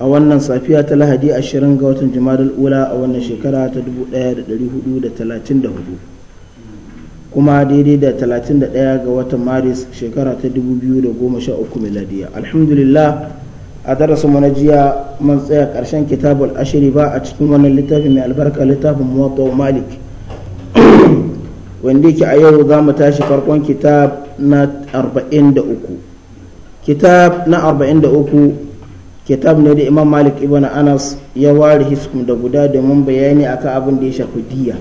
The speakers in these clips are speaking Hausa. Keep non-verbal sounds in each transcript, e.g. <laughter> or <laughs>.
a wannan safiya ta lahadi ashirin ga watan jumadal ula a wannan shekara ta 1434 kuma daidai da 31 ga watan maris shekara ta 2013 miladiya alhamdulillah a darasin mu na jiya man tsaya karshen kitabul ashiri ba a cikin wannan littafin mai albarka littafin muwatta malik wanda yake a yau za mu tashi farkon kitab na 43 kitab na 43 kitab ne da imam malik ibn anas ya ware hiskum da guda domin bayani akan abin da ya shafi diya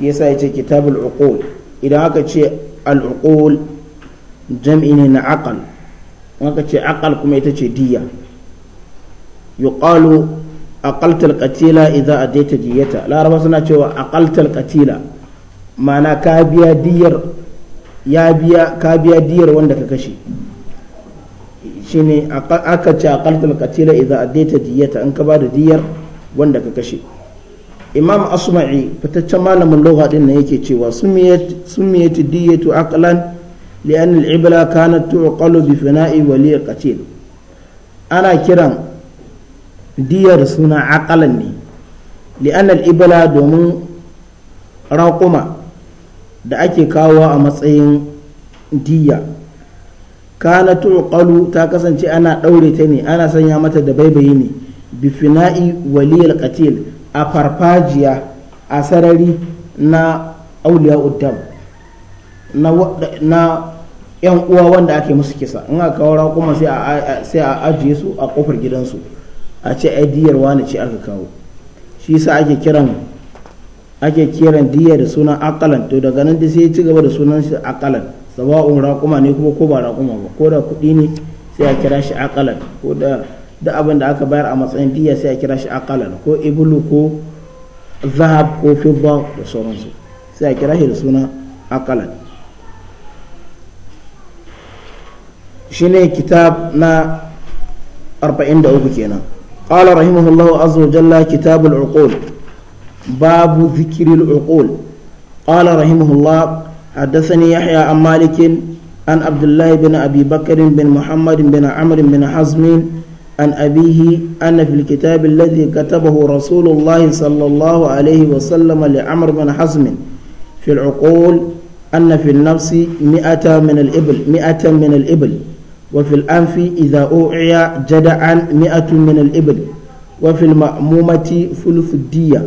yasa ya ce kitab al'uqul idan aka ce al'uqul jam'i ne na aqal aka ce aqal kuma ita ce diya yuqalu aqaltal qatila idza adaita diyata laraba suna cewa aqaltal qatila ma'ana ka biya diyar ka biya diyar wanda ka kashe shine aka ce aqaltul qatila idan addaita diyata an ka ba da diyar wanda ka kashe imam asma'i fitaccen malamin loha din nan yake cewa sumiyat diyatu aqlan لأن العبلة كانت تعقل بفناء ana kiran diyar suna ديار سنة عقلني لأن العبلة domin راقما da ake kawo a matsayin diya kana tuqalu ta kasance ana daure ta ne ana sanya mata da baibayi ne bifina'i waliyal qatil a farfajiya a sarari na auliya uddam na yan uwa wanda ake musu kisa in aka kawo rakuma sai a ajiye su a kofar gidansu a ce ai diyar wani ce aka kawo shi yasa ake kiran ake kiran diya da sunan akalan to daga nan da sai ya ci gaba da sunan shi akalan sawa'un raƙuma ne kuma ko ba raƙuma ba ko da kuɗi ne sai a kira shi akalan ko da duk abin da aka bayar a matsayin diya sai a kira shi akalan ko ibulu ko zahab ko fibba da sauransu sai a kira shi da suna akalan shine kitab na 43 kenan قال رحمه الله عز وجل كتاب العقول باب ذكر العقول قال رحمه الله حدثني يحيى عن مالك عن عبد الله بن أبي بكر بن محمد بن عمرو بن حزم عن أبيه أن في الكتاب الذي كتبه رسول الله صلى الله عليه وسلم لعمر بن حزم في العقول أن في النفس مئة من الإبل مئة من الإبل وفي الأنف إذا أوعي جدعا مئة من الإبل وفي المأمومة ثلث الدية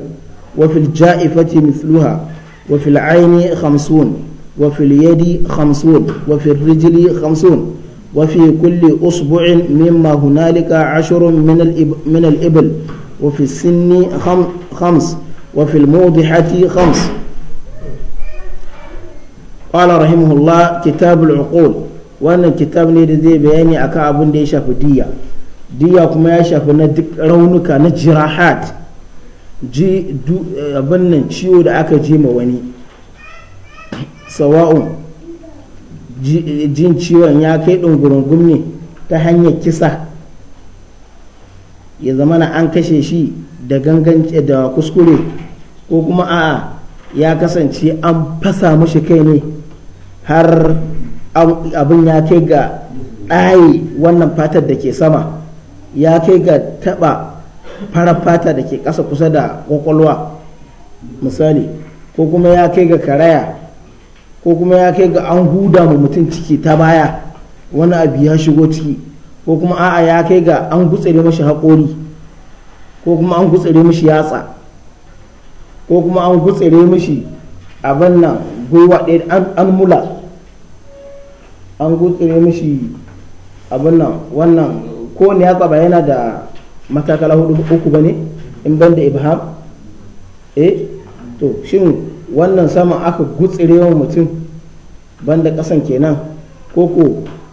وفي الجائفة مثلها وفي العين خمسون وفي اليد خمسون وفي الرجل خمسون وفي كل أصبع مما هنالك عشر من من الإبل وفي السن خمس وفي الموضحة خمس قال رحمه الله كتاب العقول wannan kitab ne da zai bayani akan abin da ya shafi diyya diya kuma ya shafi na duk raunuka na jirahat eh, abin ciwo da aka ji ma wani sawa'un jin ciwon ya kai ɗungurungun ne ta hanyar kisa ya zama na an kashe shi da gangan da kuskure ko kuma a'a ya kasance an fasa mashi kai ne har abin ya kai ga ɗaye wannan fatar da ke sama ya kai ga taɓa fara fata da ke ƙasa kusa da ƙwaƙwalwa misali ko kuma ya kai ga karaya ko kuma ya kai ga an huda mu mutum ciki ta baya wani abu ya shigo ciki ko kuma a'a ya kai ga an gutsare mashi haƙori ko kuma an gutsare mashi yatsa ko kuma an gutsare mashi abin nan gwiwa ɗaya an mula an gutsare mashi abin nan wannan ko ne yatsa ba yana da matakala hudu uku ba ne in ban da ibham eh to shin wannan saman aka gutsire wa mutum banda kasan kenan ko ko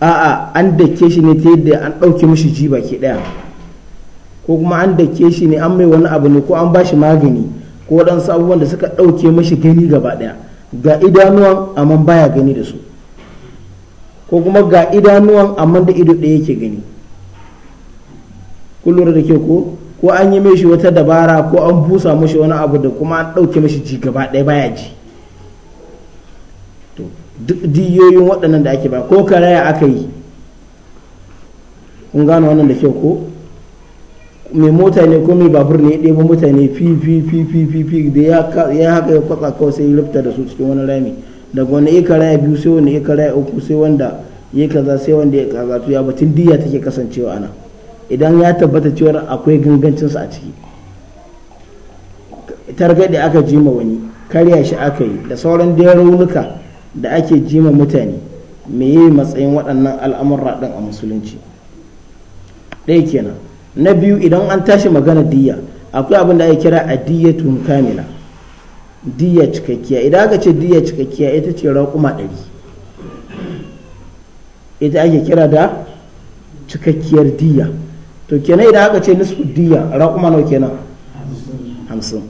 a'a an dake shi ne ta yadda an ɗauke mishi ji baki ɗaya ko kuma an dake shi ne an mai wani abu ne ko an ba shi magani ko waɗansu abubuwan da suka ɗauke mishi gani gaba ɗaya ga idanuwan amma baya gani da su ko kuma ga idanuwan amma da ido ɗaya yake gani kullum da ke ko ko an yi mishi wata dabara ko an busa mishi wani abu da kuma an ɗauke mishi ji gaba ɗaya baya ji to duk diyoyin waɗannan da ake ba ko karaya aka yi kun gano wannan da kyau ko mai mota ne ko mai babur ne ɗebo mutane fi fi fi fi fi fi da ya haka ya kwatsa kawai sai lifta da su cikin wani rami daga wani iya karaya biyu sai wani iya karaya uku sai wanda ya kaza sai wanda ya kaza to ya batun diya take kasancewa ana idan ya tabbata cewa akwai gangancinsa a ciki targaɗe aka jima wani karya shi aka yi da sauran da raunuka da ake jima mutane me yi matsayin waɗannan al'amurra ɗin a musulunci ɗaya kenan na biyu idan an tashi magana diya akwai abin da ake kira a tun kamila diya cikakkiya idan aka ce diya cikakkiya ita ce raƙuma ɗari ita ake kira da cikakkiyar diya to kenan idan aka ce nisfu diya kuma nawa kenan hamsin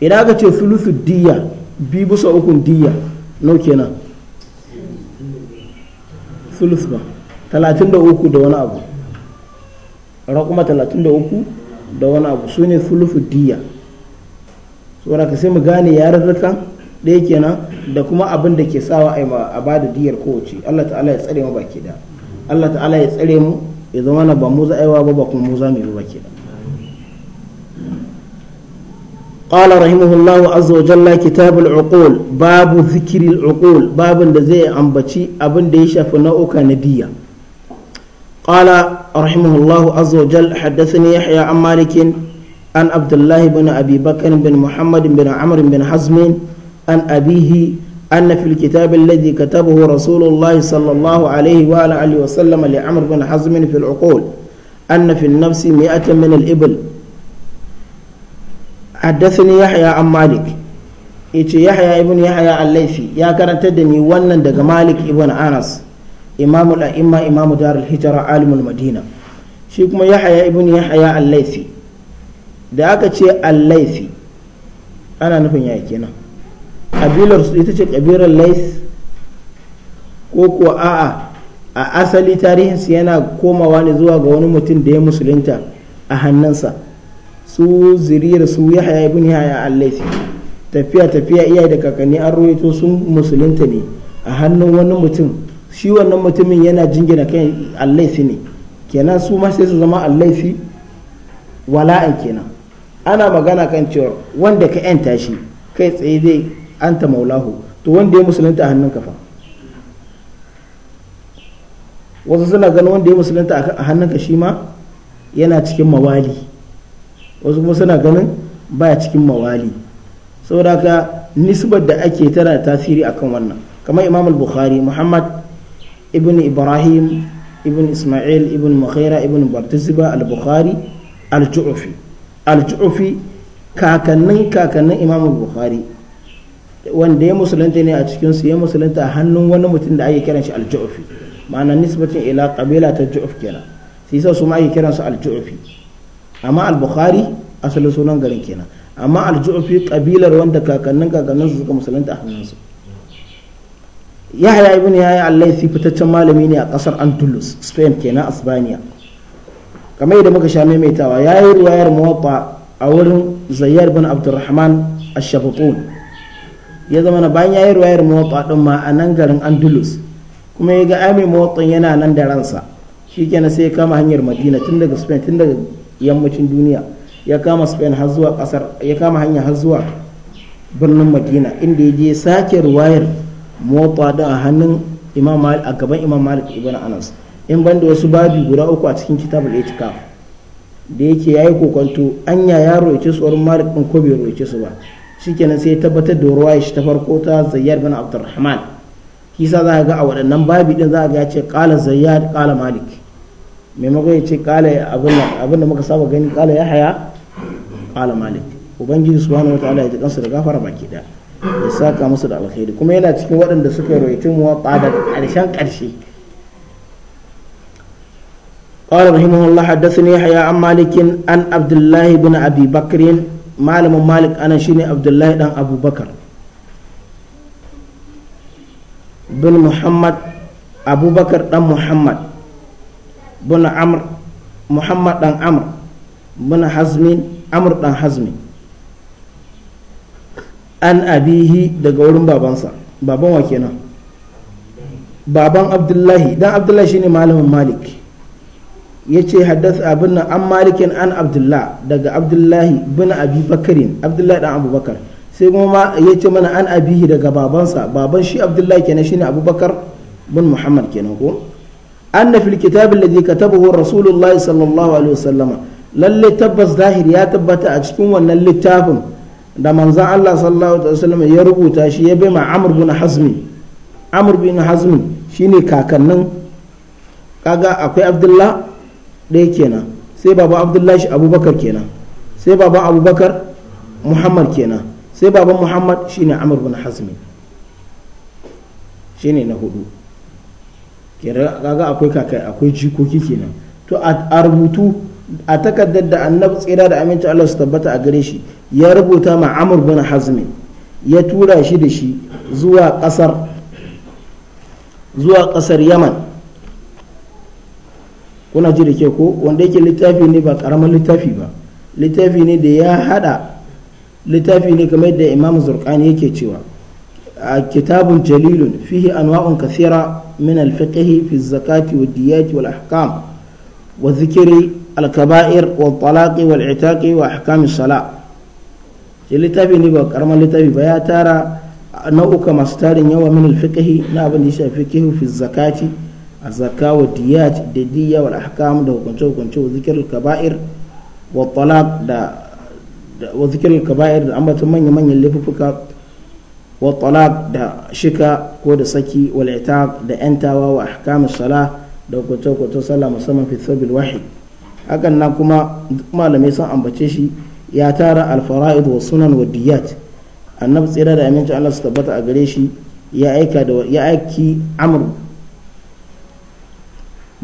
idan aka ce sulusu diya bi bisa ukun diya nawa kenan sulusu ba talatin da uku da wani abu raƙuma talatin da uku da wani abu su ne sulusu diya saboda ka sai mu gane yararraka ɗaya kenan da kuma abin da ke sawa a bada diyar kowace Allah ta'ala ya tsare mu baki da Allah ta'ala ya tsare mu ya zama na ba mu za aiwa ba ba kuma mu za mu yi ba ke قال رحمه الله عز وجل كتاب العقول باب ذكر العقول باب da zai ambaci abin da ya shafi nau'uka na diya قال رحمه الله عز وجل حدثني يحيى عن مالك عن عبد الله بن ابي بكر بن محمد بن عمرو بن حزم عن ابيه أن في الكتاب الذي كتبه رسول الله صلى الله عليه وآله وسلم لعمر بن حزم في العقول أن في النفس مئة من الإبل حدثني يحيى عن مالك yace yahya ibn yahya al-laifi ya karantar da ni wannan daga malik ibn anas imamul a'imma imamu darul hijra alimul madina shi kuma yahya ibn yahya al da aka ce al ana nufin ya kenan kabilar su ita ce kabilar lais ko kuwa a'a a asali tarihinsu yana komawa ne zuwa ga wani mutum da ya musulunta a hannunsa su ziriyar su ya haya ibn yahya al tafiya tafiya iyaye da kakanni an ruwaito sun musulunta ne a hannun wani mutum shi wannan mutumin yana jingina kan allaisi ne kenan su ma sai su zama allaisi wala'an kenan ana magana kan cewa wanda ka yanta shi kai tsaye zai anta maulahu to wanda ya musulunta a hannun fa wasu suna ganin wanda ya musulunta a ka shi ma yana cikin mawali wasu kuma suna ganin baya cikin mawali saboda nisbar da ake tana tasiri akan wannan kamar imam al-bukhari muhammad ibn ibrahim ibn isma'il ibn mukhaira ibn bartisiba al-bukhari al-ju'fi al-ju'fi kakannin kakannin imam al-bukhari wanda ya musulunta ne a cikin su ya musulunta a hannun wani mutum da ake kiran shi al-ju'fi ma'ana nisbatin ila qabila ta ju'uf kenan sai su ma ake kiran su al-ju'fi amma al-bukhari asalin sunan garin kenan amma al-ju'fi kabilar wanda kakannin kakannin su suka musulunta a hannun su yahya ibn yahya al-laythi fitaccen malami ne a kasar andalus spain kenan asbania kamar yadda muka sha maimaitawa yayi riwayar muwatta a wurin zayyar bin abdurrahman ash ya zama na bayan yayi ruwayar muwatta din ma a nan garin andalus kuma ya ga ami muwatta yana nan da ransa shi kenan sai ya kama hanyar madina tun daga spain tun daga yammacin duniya ya kama spain har zuwa kasar ya kama hanya har zuwa birnin madina inda ya je sake ruwayar muwatta din a hannun imam malik a gaban imam malik ibn anas in banda wasu babi guda uku a cikin kitabul itikaf da yake yayi kokonto anya ya roice su wurin malik din ko bai su ba shikenan sai ya tabbatar da ruwa shi ta farko ta zayyad bin abdurrahman kisa za ga a waɗannan babi din za ga ya ce kala zayyad kala malik maimakon ya ce ya abin da muka saba gani ya haya kala malik ubangiji subhanahu wataala ya ji kansu da gafara baki da ya saka musu da alkhairi kuma yana cikin waɗanda suka roƙi mu da ƙarshen ƙarshe قال رحمه الله حدثني يحيى عن مالك عن عبد الله بن ابي بكر malamin malik anan shine abdullahi dan abubakar bin muhammad abubakar dan muhammad bin amr muhammad dan amr bin hazmin amr dan hazmi an abihi daga wurin babansa baban wa kenan baban abdullahi dan abdullahi shine malamin malik yace haddath abin nan an malikin an abdullah daga abdullahi bin abi bakarin abdullahi dan abubakar sai kuma yace mana an abihi daga babansa baban shi abdullahi kenan shine abubakar bin muhammad kenan ko an anna fil kitab alladhi katabahu rasulullahi sallallahu alaihi wasallam lalle tabbas zahir ya tabbata a cikin wannan littafin da manzon Allah sallallahu alaihi wasallam ya rubuta shi ya bai ma amr bin hazmi amr bin hazmi shine kakannin kaga akwai abdullah ɗaya kenan sai baba abdullahi abubakar kenan sai baba abubakar muhammad kenan sai baban muhammad shine amr bin hazmi shine na hudu kaga akwai kakai akwai jikoki kenan to a rubutu a takardar da annabi tsira da aminci Allah su tabbata a gare shi ya rubuta ma amr bin hasmi ya tura shi da shi zuwa kasar zuwa kasar yaman kuna ji da ke ko wanda yake littafi ne ba karamin littafi ba littafi ne da ya hada littafi ne kamar da imam zurkani yake cewa a kitabun jalilun fihi anwa'un kathira min al-fiqh fi zakati wa diyat wal ahkam wa zikri al-kaba'ir wa talaq wal itaq wa ahkam as-salah littafi ne ba karamin littafi ba ya tara nau'uka masu tarin yawa min al-fiqh na abin da ya shafi fiqh fi zakati azaka wa diyaj da diya wal ahkam da hukunce hukunce wa zikir kaba'ir da wa zikir kaba'ir da ambaton manya manyan laifuka wa talaq da shika ko da saki wal itaq da antawa wa ahkam sala da hukunce hukunce sallah musamman fi sabil wahi hakan na kuma malamai sun ambace shi ya tara al fara'id wa sunan wa diyaj annabi tsira da aminci Allah su tabbata a gare shi ya aiki amur.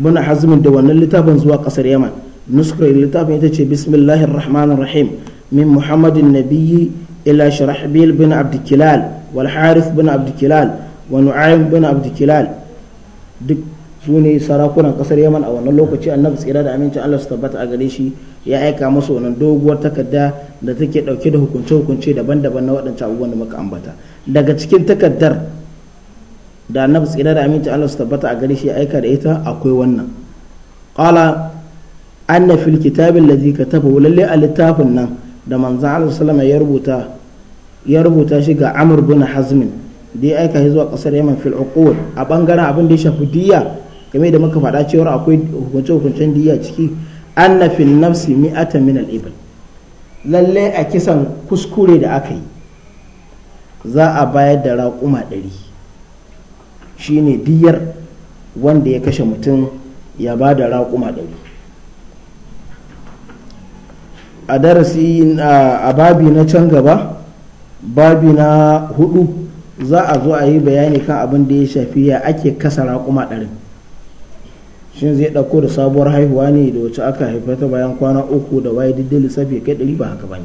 muna hazmin da wannan littafin zuwa kasar yaman nuskar littafin ita ce bismillahir rahmanir rahim min muhammadin nabiyyi ila sharahbil bin abdikilal wal bin abdikilal wa nu'aym bin abdikilal duk su ne sarakunan kasar yaman a wannan lokaci annabi tsira da amincin allah su tabbata a gare shi ya aika masu wannan doguwar takarda da take dauke da hukunce-hukunce daban-daban na waɗancan abubuwan da muka ambata daga cikin takardar da annabi tsira da aminci Allah su tabbata a gare shi aika da ita akwai wannan qala anna fil kitabin ladhi katabahu lalle a littafin nan da manzon Allah sallama ya rubuta ya rubuta shi ga Amr bin Hazm da ya aika shi zuwa kasar Yaman fil uqul a bangaren abin da ya shafi diya game da muka faɗa cewa akwai hukunce hukuncen diya ciki anna fil nafsi mi'ata min al ibl lalle a kisan kuskure da aka yi za a bayar da raƙuma ɗari shine diyar wanda ya kashe mutum ya ba da raƙuma ɗari a darasi a babi na can gaba babi na hudu za a zo a yi bayani kan abin da ya shafi ya ake kasa raƙuma ɗari shin zai ɗauko da sabuwar haihuwa ne da wacce aka haifa ta bayan kwana uku da waye diddin lissafi kai ɗari ba haka ba ne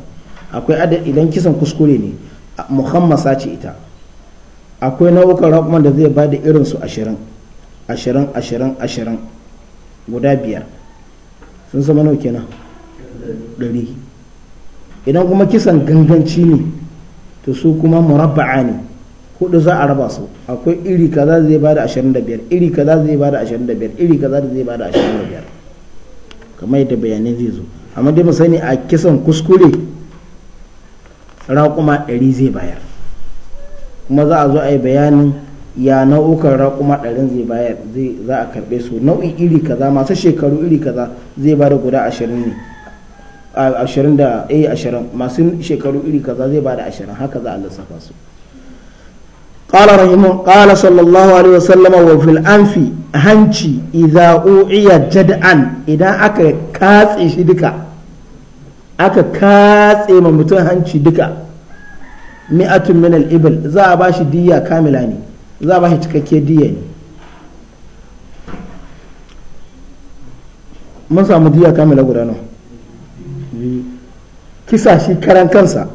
akwai idan kisan kuskure ne muhammasa ce ita akwai nau'ukan raƙuman da zai bada irin su ashirin ashirin ashirin ashirin guda biyar sun zama nau kenan ɗari idan kuma kisan ganganci ne to su kuma murabba'a ne hudu za a raba su akwai iri kaza zai bada ashirin da biyar iri kaza zai bada ashirin da biyar iri kaza zai bada ashirin da biyar kamar yadda bayanai zai zo amma dai mu sani a kisan kuskure raƙuma ɗari zai bayar kuma za a zo a yi bayanin ya nau'ukan raƙuma ɗarin zai bayar za a karɓe su nau'in iri kaza masu shekaru iri kaza zai ba da guda ashirin ne ashirin da a eh, ashirin masu shekaru iri kaza zai ba da ashirin haka za a lissafa su قال رحمه قال صلى الله عليه وسلم وفي الأنف hanci إذا أوعي idan aka katse shi duka aka katse ma mutum hanci duka mi'atun min al-ibil za a bashi diya kamila ne za a bashi cikakke diya ne mun samu diya kamila guda nawa kisa shi karan kansa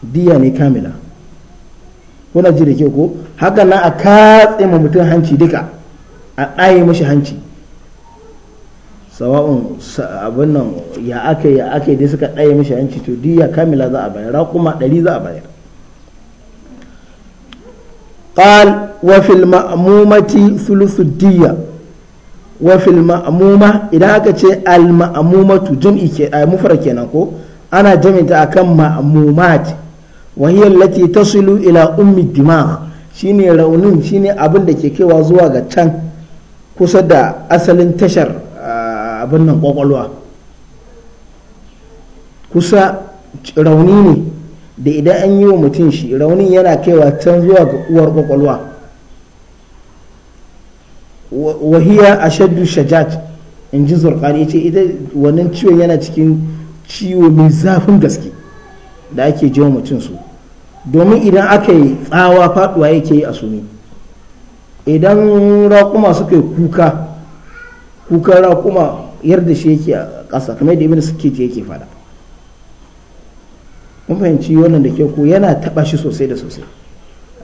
diya ne kamila kuna ji da ke ko haka na a katse ma mutum hanci duka a ɗaye mashi hanci sawa'un abin nan ya ake ya ake dai suka ɗaye mashi hanci to diya kamila za a bayar kuma ɗari za a bayar قال وفي المأمومة ثلث الدية وفي المأمومة إذا أكت المأمومة جمع مفرق كنكو أنا جمعت أكم مأمومات وهي التي تصل إلى أم الدماغ shine raunin shine abin da ke kaiwa zuwa ga can kusa da asalin tashar abin nan kwakwalwa kusa rauni ne da idan an yi wa mutum shi raunin yana kaiwa can zuwa ga uwar kwakwalwa wahiya shaddu shajat in ji zurkani ce ita wannan ciwon yana cikin ciwo mai zafin gaske da ake ji mutum su domin idan aka yi tsawa faduwa yake yi a suni idan raƙuma suka yi kuka kukan raƙuma yarda shi yake a ƙasa kamar da ibn suke yake fada mun fahimci wannan da ke ko yana taba shi sosai da sosai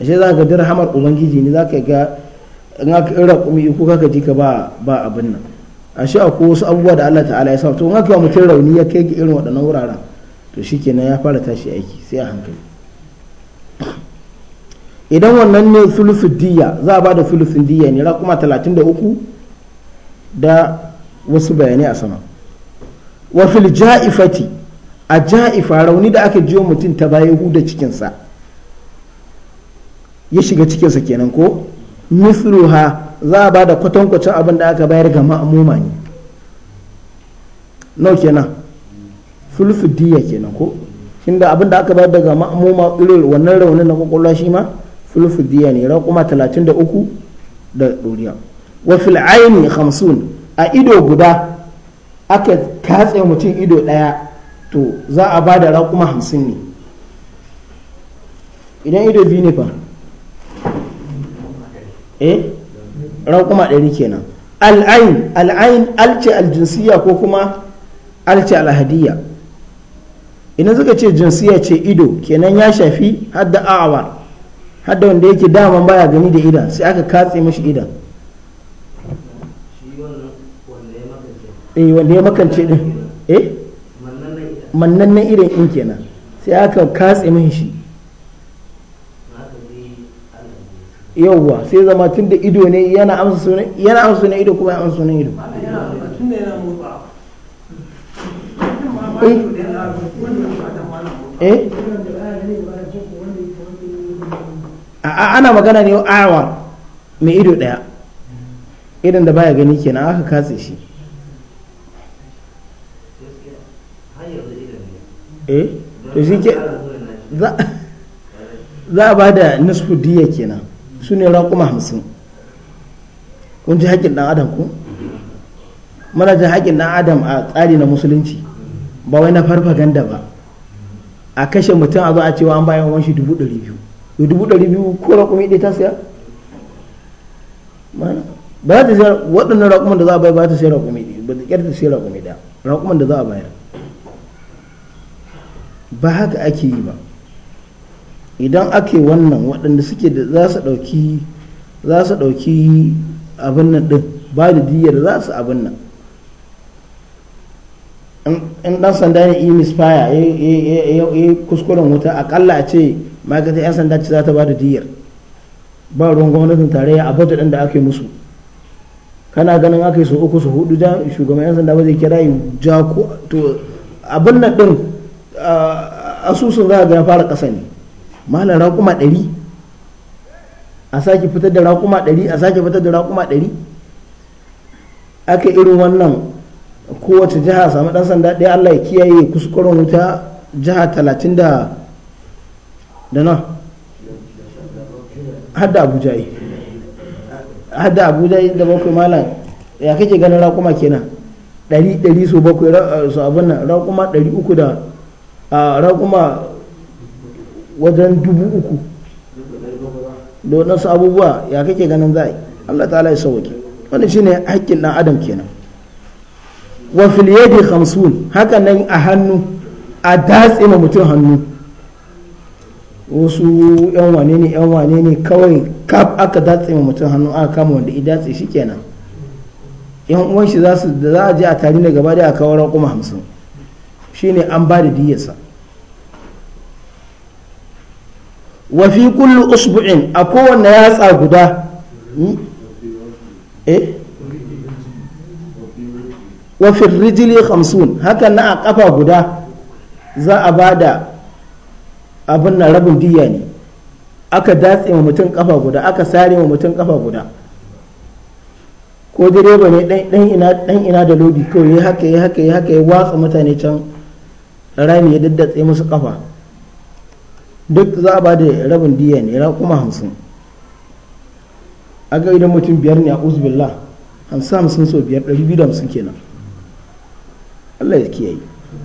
ashe za ka ga hamar ubangiji ne za ka ga in aka ira ko ka ji ka ba ba abin nan ashe akwai wasu abubuwa da Allah ta'ala ya sa to in aka mutum rauni ya kai ga irin waɗannan wuraren to kenan ya fara tashi aiki sai a hankali idan wannan ne sulusu diya za a ba da sulusun diya ne rakuma talatin da uku da wasu bayanai a sama wa fil ja'ifati a ja'ifa rauni da aka jiyo mutum ta baya huda cikinsa ya shiga cikinsa kenan ko mithluha za a ba da kwatankwacin abin da aka bayar ga ma'amuma ne nau kenan fulfudiyya kenan ko inda abin da aka bayar daga ma'amuma irin wannan rauni na kwakwalwa shi ma fulfudiyya ne raƙuma talatin da uku da ɗoriya wa fil ne hamsin a ido guda aka katse mutum ido ɗaya to za a ba da raƙuma hamsin ne idan ido biyu ne fa eh raƙuma ɗari kenan al'ain al'ain alce aljinsiya ko kuma alce alhadiyya idan suka ce jinsiya ce ido kenan ya shafi hadda awa hadda wanda yake daman baya gani da idan sai aka katse mashi idan eh wanda ya makance din eh na irin in kenan sai aka katse min shi yauwa sai zama tun da ido ne yana amsa sunan yana amsa sunan ido kuma ya amsa sunan ido eh, eh? ana magana ne awa mai ido daya idan da baya gani kenan aka katse shi eh to shi ke za a ba da nisfu diya kenan su ne raƙuma hamsin kun ji haƙƙin ɗan adam ku mana ji haƙƙin ɗan adam a tsari na musulunci ba wai na farfaganda ba a kashe mutum a zo a cewa an bayan wanshi dubu ɗari biyu da dubu ɗari biyu ko raƙumi ɗaya ta siya ba za ta siya waɗannan raƙuman da za a bayar ba ta siya raƙumi ɗaya ba ta ƙyar ta siya raƙumi ɗaya raƙuman da za a bayar ba haka ake yi ba idan ake wannan waɗanda suke da za su ɗauki za su ɗauki abin nan ɗin ba da diyar za su abin nan in ɗan sanda ne yi misfaya ya kuskuren wuta aƙalla a ce ma'aikatar 'yan sanda ce za ta ba da diyar ba ruwan gwamnatin tarayya a bata ɗin da ake musu kana ganin aka yi su uku su hudu shugaban 'yan sanda ba zai kira yi ja to abin nan ɗin Ah, asusun za a ya fara ƙasa ne malam raƙuma ɗari a sake fitar da raƙuma ɗari a sake fitar da raƙuma ɗari aka irin wannan kowace jiha samu ɗan sanda ɗaya allah ya kiyaye kuskuren wuta jiha talatin da da nan hadda abuja yi hada abuja yi da bakwai malam ya kake ganin raƙuma kenan ɗari ɗari su bakwai eh, su abin nan raƙuma ɗari uku da a raguma wajen dubu uku da waɗansu abubuwa ya kake ganin zai Allah ta'ala ya sauwake wani shine haƙƙin ɗan adam kenan wa filiyadi yadi haka nan a hannu a datse ma mutum hannu wasu yan wane ne yan wane ne kawai kaf aka datse ma mutum hannu aka kama wanda i datse shi kenan yan uwan shi za su da za a je a tari na gaba da a kawo raƙuma hamsin shine an ba da diyarsa wa fi kullu usbu'in a kowanne yatsa guda hmm? eh? wa fi rijli 50 haka na a kafa guda za a ba da abin na rabin diya ne aka datse ma mutum kafa guda aka sare ma mutum kafa guda ko direba ne dan ina da lodi kawai ya haka ya haka ya haka ya watsa mutane can rami ya daddatse musu kafa duk za a ba da rabin diya ne ra kuma hamsin a ga idan mutum biyar ne a uzbillah hamsin hamsin so biyar ɗari biyu da hamsin kenan Allah ya kiyaye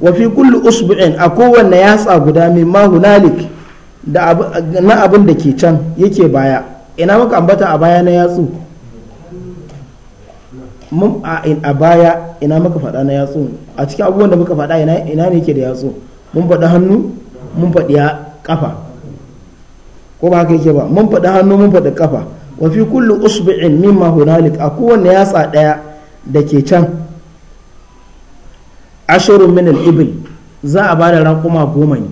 wa fi usbu'in a kowanne yatsa guda min ma na abin da ke can yake baya ina maka ambata a baya na yatsu mun a baya ina muka faɗa na yatsu a cikin abubuwan da muka faɗa ina ne ke da yatsu mun faɗi hannu mun faɗi kafa ko ba haka yake ba mun faɗi hannu mun faɗi kafa wa fi kullu usbu'in mimma hunalik a kowanne yatsa ɗaya da ke can ashirin min al-ibil za a bada kuma goma ne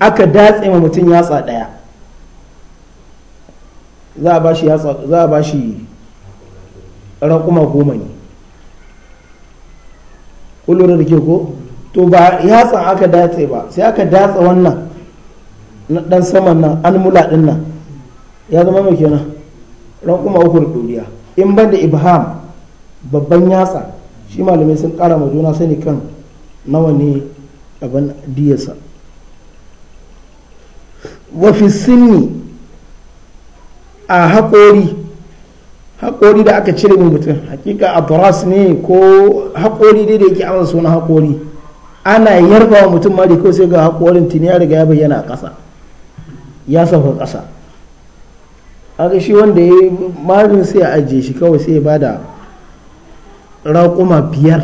aka datse ma mutum yatsa ɗaya za a ba shi raƙuma goma ne kullum da ke ko to ba yatsan aka datse ba sai aka datsa wannan na ɗan saman nan an mula ɗin nan ya zama mai kenan raƙuma uku da ɗoriya in ban da ibham babban yatsa shi malamai sun ƙara ma juna sani kan nawa ne abin diyasa wafi sinni a haƙori haƙori da aka cire mu mutum hakika turas ne ko haƙori dai da yake amsa suna haƙori ana yarba wa mutum mari da kawai sai ga haƙorin tuni ya riga ya bayyana a ƙasa ya sauka ƙasa aka shi wanda ya yi marin sai a ajiye shi kawai sai ya ba da raƙuma biyar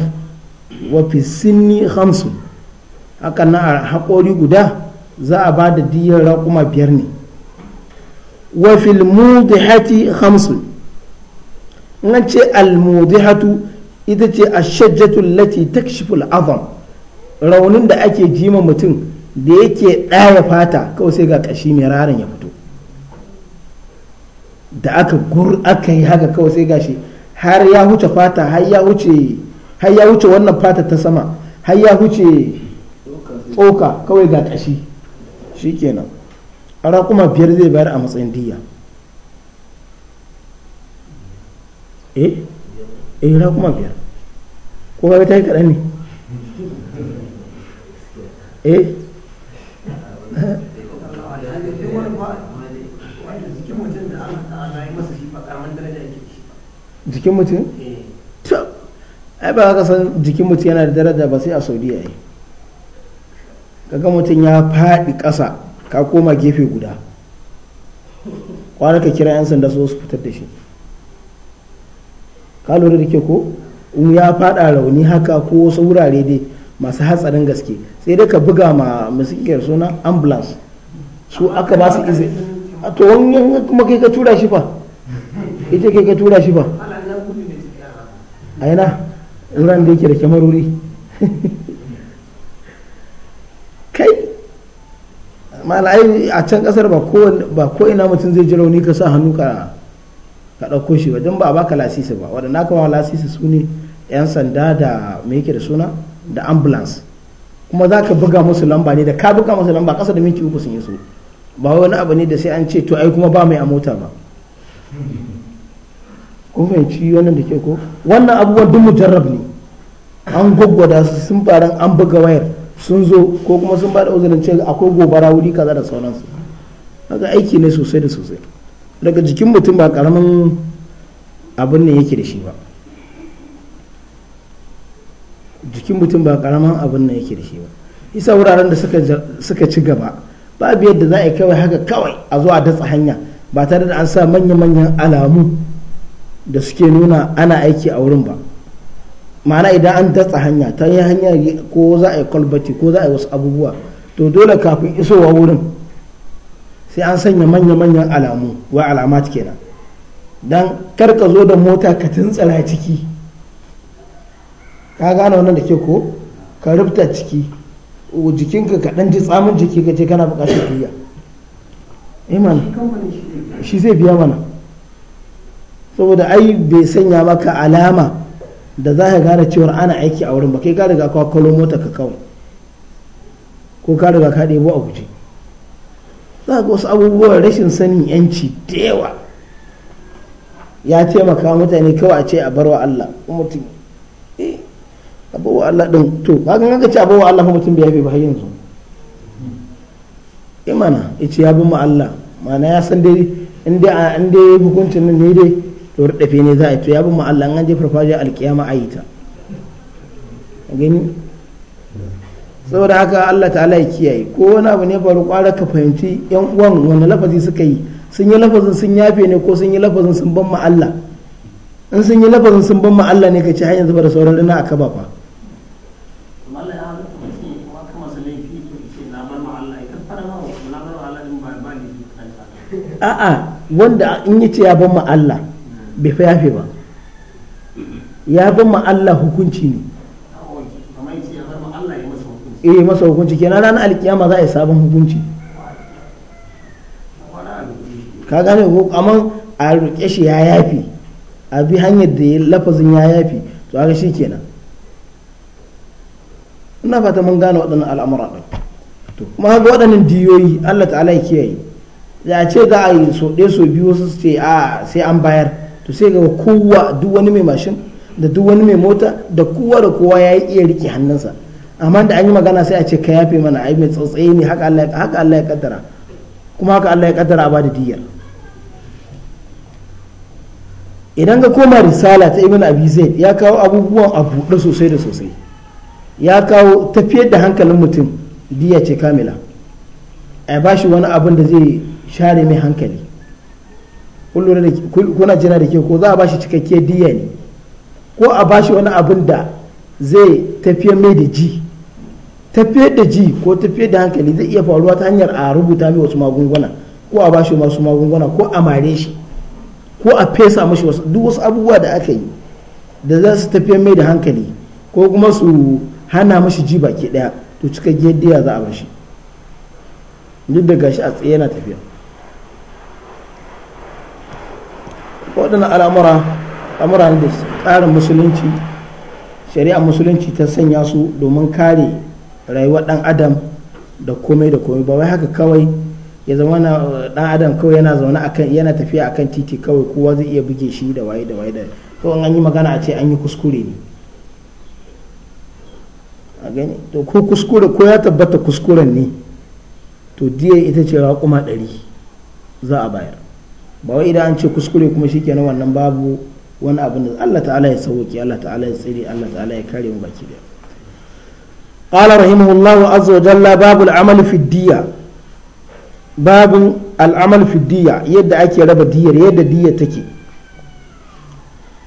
wa sinni hamsu haka na haƙori guda za a ba da diyar raƙuma biyar ne wa fil hati hamsin nan ce almudihatu ita ce a shajjatun lati takshiful al'azam raunin da ake jima mutum da yake ɗaya fata kawai sai ga ƙashi mai rarin ya fito da aka gur aka yi haka kawai sai gashi har ya huce fata har ya huce har ya huce wannan fata ta sama har ya huce tsoka kawai ga ƙashi shikenan ara kuma biyar zai bayar a matsayin diya eh eh kuma biya? ko ga ta yi kaɗan ne eh jikin mutum? ai ba san jikin mutum yana da daraja ba sai a saudiya yi kaga mutum ya faɗi ƙasa ka koma gefe guda kwanaka kira 'yan sanda su fitar da shi kalori da ke ko in ya fada rauni haka ko wasu wurare dai masu hatsarin gaske sai dai ka buga ma musikiyar suna ambulance su aka ba su izini a to wani kuma kai ka tura shi fa ita kai ka tura shi fa ayana wuran da yake da kyamarori <laughs> kai malai a can kasar ba ko ina mutum zai ji rauni ka sa hannu ka ka ɗauko shi wajen ba a baka lasisi ba waɗanda aka ba lasisi su ne 'yan sanda da me yake da suna da ambulance kuma za ka buga musu lamba ne da ka buga musu lamba ƙasa da minti uku sun yi su ba wani abu ne da sai an ce to ai kuma ba mai a mota ba kun fahimci wannan da ke ko wannan abubuwan duk mujarrab ne an gwaggwada su sun fara an buga wayar sun zo ko kuma sun ba da uzurin ce akwai gobara wuri kaza da sauransu haka aiki ne sosai da sosai daga jikin mutum ba karamin abin ne yake da shi ba jikin mutum ba karamin abin ne yake da shi ba isa wuraren da suka ci gaba babu yadda za a yi kawai haka kawai a zuwa datsa hanya ba tare da an sa manya-manyan alamu da suke nuna ana aiki a wurin ba ma'ana idan an datsa hanya ta yi hanya ko za a yi kwalbati ko za a yi wasu abubuwa to dole kafin isowa wurin sai an sanya manya-manyan alamu wa alamat kenan don karka zo da mota ka tuntsara ciki ka gane wannan da ke ko ka rubta ciki jikinka ka ɗan ji tsamin jiki ka ce kana buƙatar biya iman eh shi zai biya mana saboda ai bai sanya maka alama da za ka gane cewar ana aiki a wurin ba kai ka riga ka kwalo mota ka kawo ko ka riga ka ɗebo a guji za ga wasu abubuwan rashin sanin yanci da yawa ya taimaka mutane kawai a ce a barwa Allah mutum eh abubuwa Allah ɗin to ba ga ce abubuwa Allah mutum bai yafe ba yanzu imana eh ya ce ya bi mu Allah mana ya san dai in inda ya dai hukuncin nan ne dai to rufe ne za a yi to ya bi mu Allah an je farfajiyar alkiyama a yi ta gani saboda haka Allah ta'ala ya kiyaye ko wani abu ne faru kwara ka fahimci yan uwan wani lafazi suka yi sun yi lafazin sun yafe ne ko sun yi lafazin sun ban Allah in sun yi lafazin sun ban Allah ne ka ci hanyar zubar sauran rana a kaba fa a'a wanda in yi ce ya ban Allah bai fa yafe ba ya ban Allah hukunci ne eh masa hukunci kenan ranar alkiyama za a yi sabon hukunci ka gane ko amma a roƙe shi ya yafi a bi hanyar da ya lafazin ya yafi to haka shi kenan ina fata mun gane waɗannan al'amura ɗin to kuma haka waɗannan diyoyi Allah ta'ala ya kiyaye da a ce za a yi so ɗaya so biyu wasu ce a sai an bayar to sai ga kowa duk wani mai mashin da duk wani mai mota da kowa da kowa ya iya rike hannunsa amma da an yi magana sai a ce ka yafe mana ai mai tsautsaye ne haka Allah ya kaddara kuma haka Allah ya kaddara a bada diyar idan ka koma risala ta ibn abi zaid ya kawo abubuwan a buɗe sosai da sosai ya kawo tafiyar da hankalin mutum diya ce kamila a ba shi wani abin da zai share mai hankali kuna jira da ke ko za a ba shi cikakkiyar diya ne ko a ba shi wani abin da zai tafiyar mai da ji tafiye da ji ko tafiye da hankali zai iya faruwa ta hanyar a rubuta mai wasu magunguna ko a bashi wasu magunguna ko a mare shi ko a fesa mashi wasu duk wasu abubuwa da aka yi da za su tafiye mai da hankali ko kuma su hana mashi ji baki daya to cika gediya za a bashi duk da gashi a tsaye yana tafiya waɗannan al'amura al'amura da tsarin musulunci shari'a musulunci ta sanya su domin kare rayuwar dan adam da komai da komai ba wai haka kawai ya zama na dan uh, adam kawai yana zaune akan yana tafiya akan titi kawai kowa zai iya buge shi da waye da waye da to an yi magana a ce an yi kuskure ne a gani to ko kuskure ko ya tabbata kuskuren ne to diya ita ce raƙuma ɗari za a bayar ba wai idan an ce kuskure kuma shikenan wannan babu wani abin da Allah ta'ala ya sauke Allah ta'ala ya tsiri Allah ta'ala ya kare mu baki daya قال رحمه الله عز وجل باب العمل في الدية باب العمل في الدية يد أكي رب دير يد دية تكي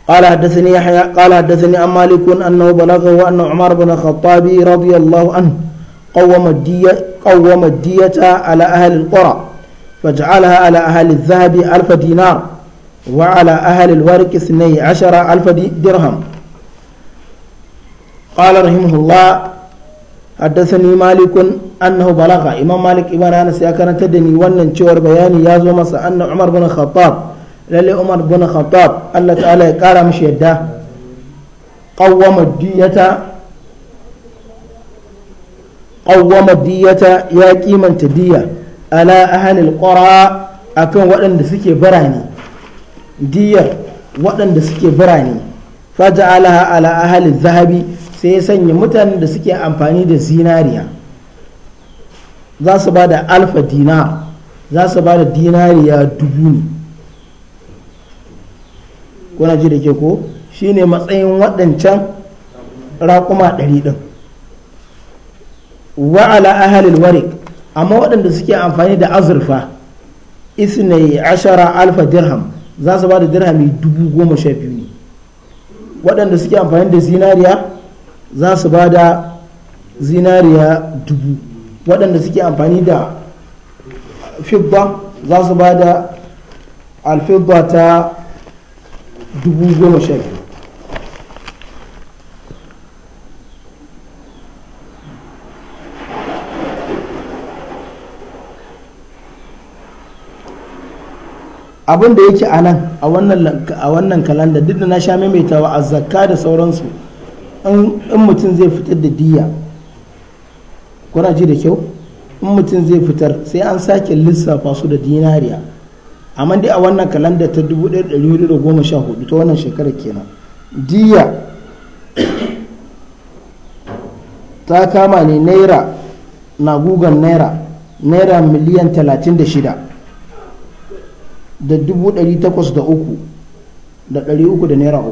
قال حدثني يحيى قال حدثني عن مالك أنه بلغه أن عمر بن الخطاب رضي الله عنه قوم الدية قوم الدية على أهل القرى فجعلها على أهل الذهب ألف دينار وعلى أهل الورق اثني عشر ألف درهم قال رحمه الله حدثني مالك أنه بلغ إمام مالك إمام أنس يا كان تدني ونن شور بياني يا زوما أن عمر بن الخطاب للي عمر بن الخطاب الله تعالى قال مش يده قوم الدية قوم الدية يا قيمة الدية على أهل القرى أكون وأن سكي براني دية وأن سكي براني فجعلها على أهل الذهب sai ya sanya mutanen da suke amfani da zinariya za su ba da alfa dinar za su ba da dinariya dubu ne kuna ji da ke ko shi ne matsayin waɗancan raƙuma ɗari ɗin wa'ala ahalil warik amma waɗanda suke amfani da azurfa isne ashara alfa dirham za su ba da dirhami dubu goma sha biyu ne waɗanda suke amfani da zinariya za su ba da zinariya dubu waɗanda suke amfani da fibba za su ba da alfibba ta dubu goma sha biyu abin da yake a nan a wannan kalanda duk da na sha maimaitawa a zakka da sauransu in mutum zai fitar da diya kuna ji da kyau in mutum zai fitar sai an sake lissafa su da dinariya amma dai a wannan kalanda ta 1414 ta wannan shekarar kenan diya ta kama ne naira na gugan naira naira miliyan 36 da 803 da 300 da naira 3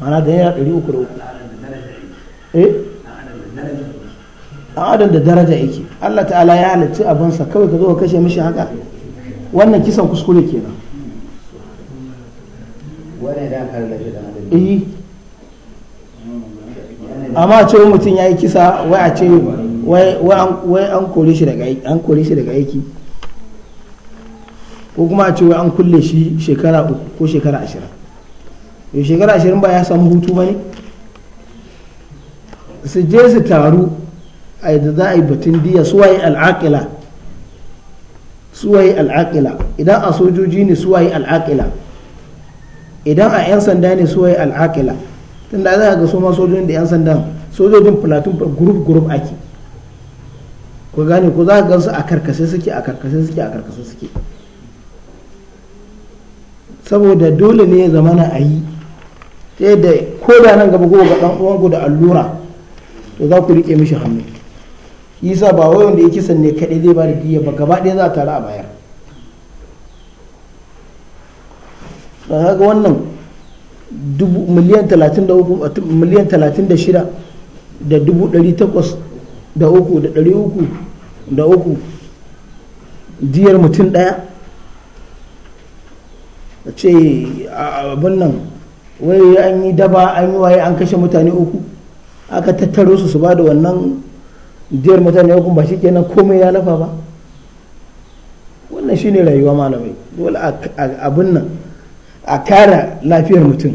mana da yana ɗari uku da uku eh a adam da daraja yake Allah ta'ala ya halarci abinsa kawai ka zo ka kashe mishi haka wannan kisan kuskure kenan eh amma ce mutum ya yi kisa wai a ce wai an kore shi daga aiki an kore shi daga aiki ko kuma a ce wai an kulle shi shekara uku ko shekara ashirin yau shekara ashirin ba ya samu hutu ba ne su je su taru a yadda za a yi batun diya suwaye al'aƙila suwaye al'aƙila idan a sojoji ne suwaye al'aƙila idan a 'yan sanda ne suwaye al'aƙila tun da za a ga soma sojojin da 'yan sanda sojojin platun group group ake ku gane ku za a gansu a karkashe suke a karkashe suke a karkashe suke saboda dole ne ya zamana a yi ta yadda ko da nan gaba gobe ga uwan ku da allura to za ku rike mishi hannu yasa ba wai wanda ya kisan ne kadai zai ba da diya ba gaba ɗaya za a tara a bayar ba ga wannan miliyan uku miliyan talatin da dubu ɗari takwas da uku da ɗari uku da uku jiyar mutum ɗaya a ce abin nan wai an yi daba an yi waye an kashe mutane uku aka tattaro su su ba da wannan jiyar mutane uku ba shi kenan komai ya lafa ba wannan shine rayuwa malamai dole abin nan a kara lafiyar mutum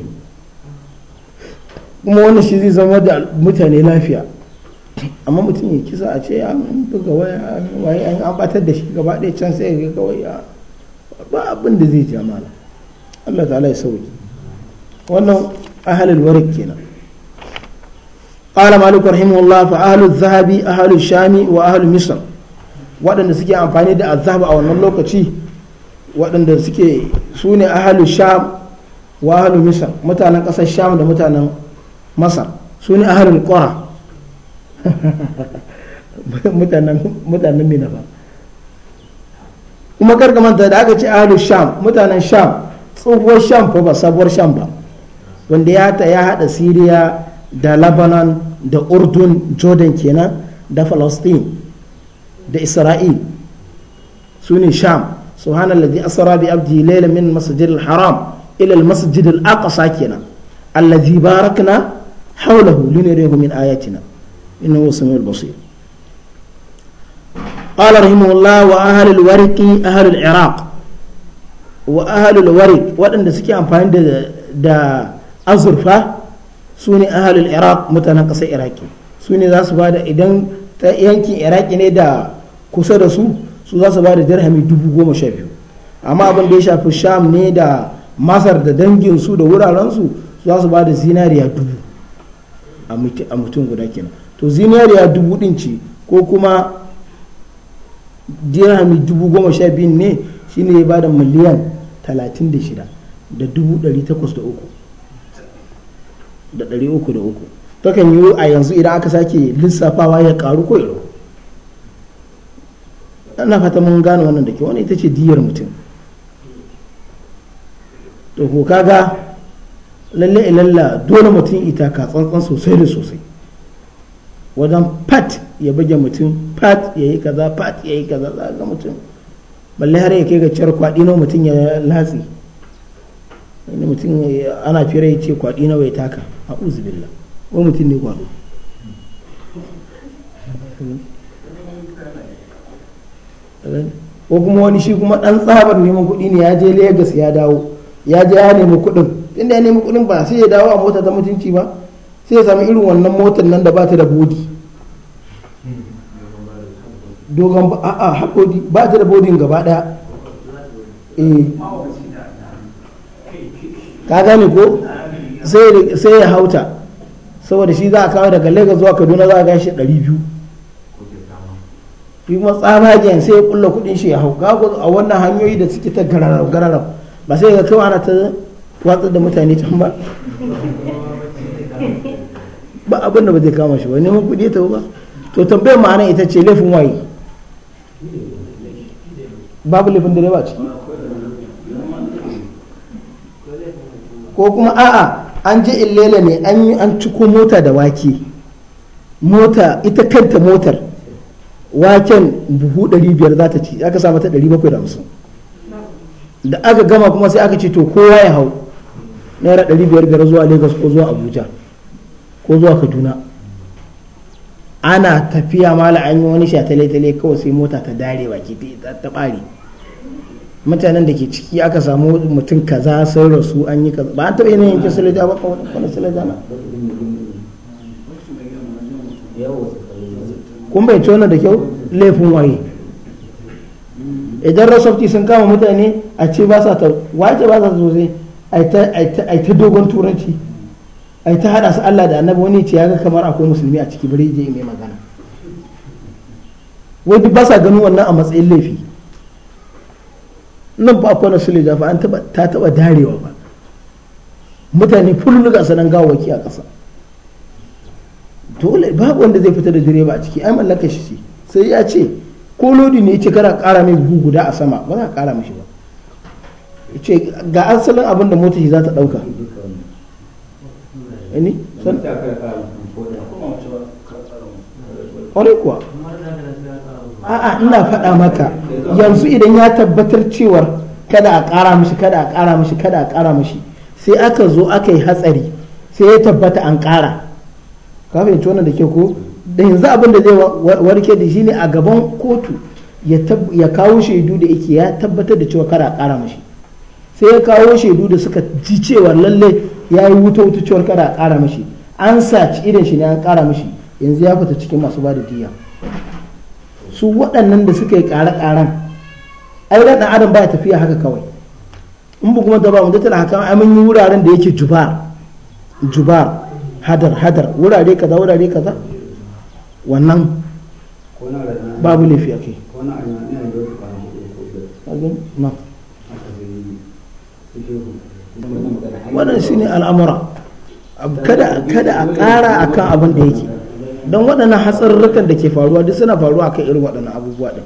kuma wannan shi zai zama da mutane lafiya amma mutum ya kisa a ce an buga waye an ambatar da shi gaba ɗaya can sai ya ga kawai ba abin da zai ja malam Allah ta'ala ya sauki wannan ahalul warik kenan qala malik rahimahullah fa ahlul zahabi ahlul shami wa ahlul misr waɗanda suke amfani da azhab a wannan lokaci waɗanda suke su ne ahalul sham wa ahalul misr mutanen ƙasar sham da mutanen masar su ne ahalul qura <laughs> mutanen mutanen mina ba kuma manta da aka ce ahalul sham mutanen sham tsohuwar sham ko ba sabuwar sham ba wanda ya ta ya haɗa siriya da lebanon da urdun jordan kenan da palestine da isra'il su ne sham subhanalladhi asra bi abdi layla min al haram ila al masjidil aqsa kenan alladhi barakna hawlahu linuriyahu min ayatina innahu samiul basir قال رحمه الله وأهل الورق أهل العراق وأهل الورق وأن سكي azurfa su ne ahalul iraq mutanen ƙasar iraki su ne za su ba da idan ta yankin iraki ne da kusa da su su za su ba da dirhami dubu goma sha biyu amma abin da ya shafi sham ne da masar da danginsu da wurarensu su za su ba da zinariya dubu a mutum guda kenan to zinariya dubu din ce ko kuma dirhami dubu goma sha biyu ne shine ya ba da miliyan talatin da shida da dubu ɗari takwas da uku da ɗari uku da uku takan yi a yanzu idan aka sake lissafawa ya karu ko yaro ana fata mun gane wannan da ke wani ita ce diyar mutum to ko kaga lalle ilalla dole mutum ita ka tsantsan sosai da sosai wajen pat ya bage mutum pat ya yi kaza pat ya yi kaza za ga mutum balle har ya kai ga ciyar kwaɗi na mutum ya latsi mutum ana fira ya ce kwaɗi na bai taka a uzbilla wa mutum ne kwado ko kuma wani shi kuma dan tsabar neman kuɗi ne ya je Legas ya dawo ya je ya nemi kuɗin inda ya nemi kuɗin ba sai ya dawo a mota ta mutunci ba sai ya sami irin wannan motar nan da ba ta da bodi dogon ba a'a haƙodi ba ta da bodin gaba ɗaya eh ka gane ko sai ya hauta saboda shi za a kawo daga lagos zuwa kaduna za a shi 200 shi kuma tsabagen sai ya kulla kudin shi ya hau gago a wannan hanyoyi da suke ta gararau ba sai ga kawana ta watsar da mutane can ba ba abin da ba zai kama shi ba neman kudi ta ba to tambayar ma'ana ita ce laifin waye babu laifin ba ciki ko kuma a'a an je illela ne an yi an ciko mota da wake mota ita kanta motar waken buhu 500 za ta ci aka sa mata 750 da aka gama kuma sai aka ce to kowa ya hau naira 500 zuwa lagos ko zuwa abuja ko zuwa kaduna ana tafiya mala an yi wani shatale-tale kawai sai mota ta dare baki ta bare mutanen da ke ciki aka samu mutum kaza sun rasu an yi kaza ba an taɓa yanayin yanke salaja ba kwanan salaja na kun bai tona da kyau laifin waye idan rasofti sun kama mutane a ce ba sa ta wace ba sa sosai a ta dogon turanci a ta haɗa su Allah da annabi wani ce ya ga kamar akwai musulmi a ciki bari je mai magana wai duk ba sa ganin wannan a matsayin laifi nan ba akwai nasu an taba ta taba darewa ba mutane kullum ga sanan gawaki a ƙasa dole babu wanda zai fita da direba a ciki ai mallaka shi shi sai ya ce ko lodi ne ce kana ƙara mai buhu guda a sama ba za ka ƙara mishi ba yace ga asalin abin da mota shi za ta ɗauka kuwa a'a ina faɗa maka yanzu idan ya tabbatar cewar kada a ƙara mishi kada a ƙara mishi kada a ƙara mishi sai aka zo aka yi hatsari sai ya tabbata an ƙara ka fahimci wannan da ke ko da yanzu abin da zai warke da shi ne a gaban kotu ya kawo shaidu da yake ya tabbatar da cewa kada a ƙara mishi sai ya kawo shaidu da suka ji cewa lalle ya yi wuta wuta cewar kada a ƙara mishi an saci irin shi ne an ƙara mishi yanzu ya fita cikin masu ba da diya su waɗannan da suka yi ƙare-ƙaren ai da ɗan adam ba tafiya haka kawai in ba kuma da ba wanda tana haka ai mun yi wuraren da yake jubar jubar hadar hadar wurare kaza wurare kaza wannan babu laifi ake wannan shi ne al'amura kada a ƙara akan abin da yake don waɗannan hatsarurrukan da ke faruwa duk suna faruwa akan irin waɗannan abubuwa din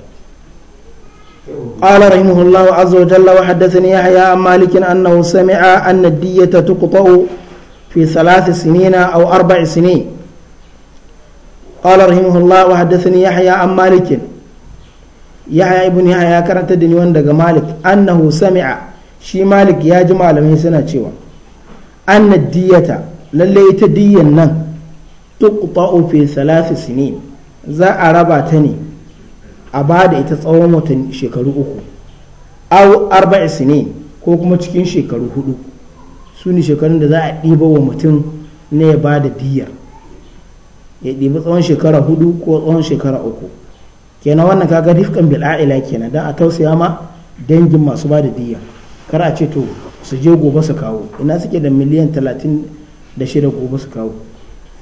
قال رحمه الله عز وجل وحدثني يحيى عن مالك انه سمع ان الدية تقطع في ثلاث سنين او اربع سنين قال رحمه الله وحدثني يحيى عن مالك yahya ibn yahya ya karanta da ni daga malik annahu sami'a shi malik ya ji malamai suna cewa anna diyata lallai ita diyan nan tuqta'u fi thalath sini za a raba ta ne a ba da ita tsawon watan shekaru uku au arba'i sini ko kuma cikin shekaru hudu su ne shekarun da za a ɗiba wa mutum na ya ba da diya ya ɗibi tsawon shekara hudu ko tsawon shekara uku kenan wannan kaga rifkan bil'a'ila kenan don a tausaya ma dangin masu ba da diya kar a ce to su je gobe su kawo ina suke da miliyan talatin da shida gobe su kawo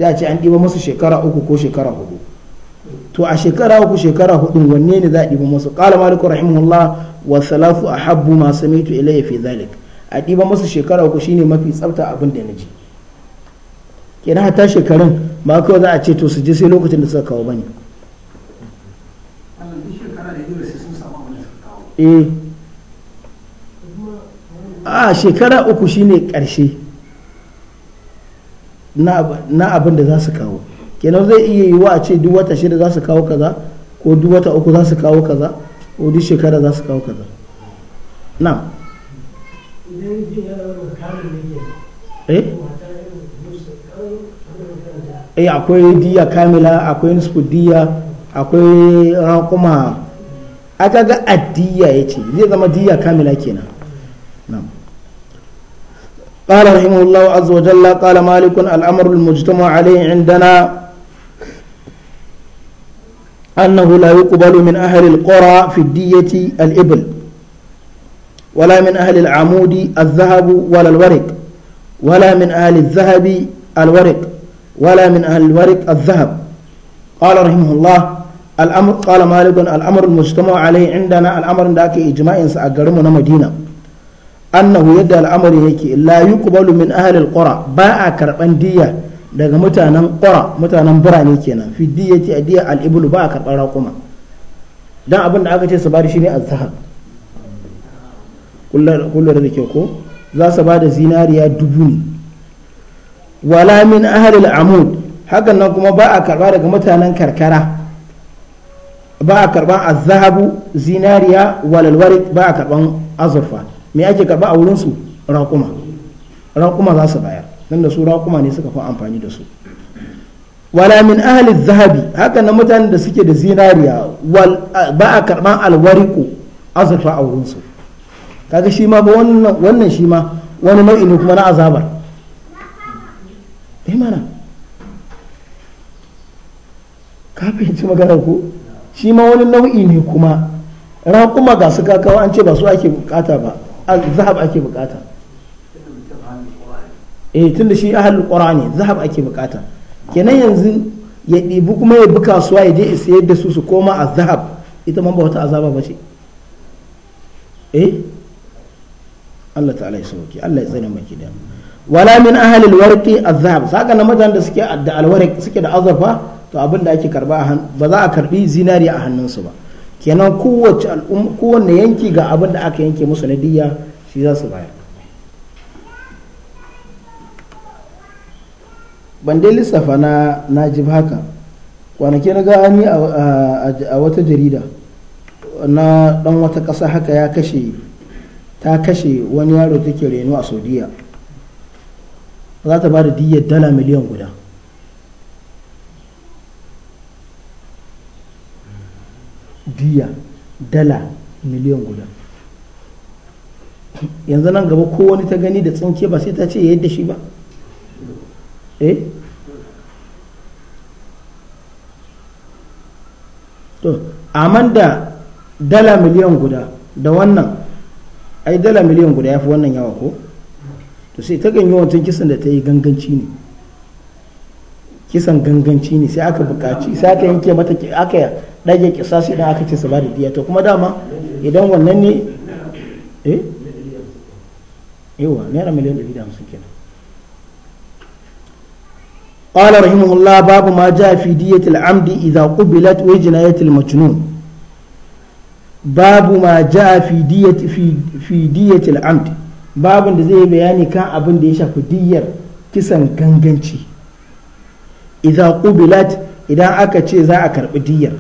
sai a ce an ɗiba masu shekara uku ko shekara hudu to a shekara uku shekara hudu wanne ne za a ɗiba masu ƙala maliku rahimahullah wa salafu a habbu ma samitu ilayya fi zalik a ɗiba masu shekara uku shine mafi tsafta abin da na ji kenan hata shekarun ba kawai za a ce to su je sai lokacin da suka kawo bane eh. a shekara uku shine ƙarshe na abin da za su kawo kenan zai iya yiwuwa a ce duk wata shida za su kawo kaza ko duk wata uku za su kawo kaza ko duk shekara za su kawo kaza na eh? eh akwai diya kamila akwai nisfu diya akwai kuma aka ga addiya ya ce zai zama diya kamila kenan na'am قال رحمه الله عز وجل قال مالك الأمر المجتمع عليه عندنا أنه لا يقبل من أهل القرى في الدية الإبل ولا من أهل العمود الذهب ولا الورق ولا من أهل الذهب الورق ولا من أهل الورق الذهب قال رحمه الله الأمر قال مالك الأمر المجتمع عليه عندنا الأمر ذاك إجماع سأقرمنا مدينة annahu yadda al'amari yake la yuqbalu min ahli al ba a karban diya daga mutanen qura mutanen birane kenan fi diyati adiya al al'ibulu ba a karban raquma dan abin aka ce su bada shine az-zahab kullar da ke ko za su bada zinariya dubu ne wala min ahli al-amud hakan nan kuma ba a karba daga mutanen karkara ba a karban az-zahabu zinariya wal ba a karban azurfa me ake karba a wurinsu raƙuma raƙuma za su bayar nan da su raƙuma ne suka fi amfani da su wala min ahli zahabi haka na mutanen da suke da zinariya ba a karban alwariku azurfa a wurinsu kaga shi ma ba wannan shi ma wani nau'i ne kuma na azabar eh mana ka fahimci magana ko shi ma wani nau'i ne kuma raƙuma ga su kakawa an ce ba su ake bukata ba zahab ake bukata eh tunda shi ahlul qur'ani zahab ake bukata kenan yanzu ya ɗibi kuma ya bi kasuwa ya je ya sayar da su su koma a zahab ita ma ba wata azaba ba ce eh Allah ta'ala ya sauki Allah ya tsare maki da wala min ahli warqi azhab saka na mutan da suke da alwarq suke da azurfa to abin da ake karba ba za a karbi zinari a hannunsu ba kenan kowace al'umma kowanne yanki ga abin da aka yanke musu na diya shi za su bayar ban dai lissafa na na haka kwanaki na ga a wata jarida na dan wata kasa haka ya kashe ta kashe wani yaro take reno a saudiya za ta ba da diyyar dala miliyan guda diya dala miliyan guda yanzu nan gaba ko wani ta gani da tsinke ba sai ta ce yadda shi ba eh to aman da dala miliyan guda da wannan ai dala miliyan guda ya fi wannan yawa ko to sai ta ganyi wancan kisan da ta yi ganganci ne kisan ganganci ne sai aka buƙaci sai aka yanke mata aka ɗage kisas idan aka ce su ba da diya to kuma dama idan wannan ne eh yawa naira miliyan hamsin kenan قال رحمه الله باب ما جاء في دية العمد إذا قبلت وجناية المجنون باب ما جاء في دية في في دية العمد باب da zai bayani kan abin da ya shafi diyar kisan ganganci idza ƙubilat idan aka ce za a karbi diyar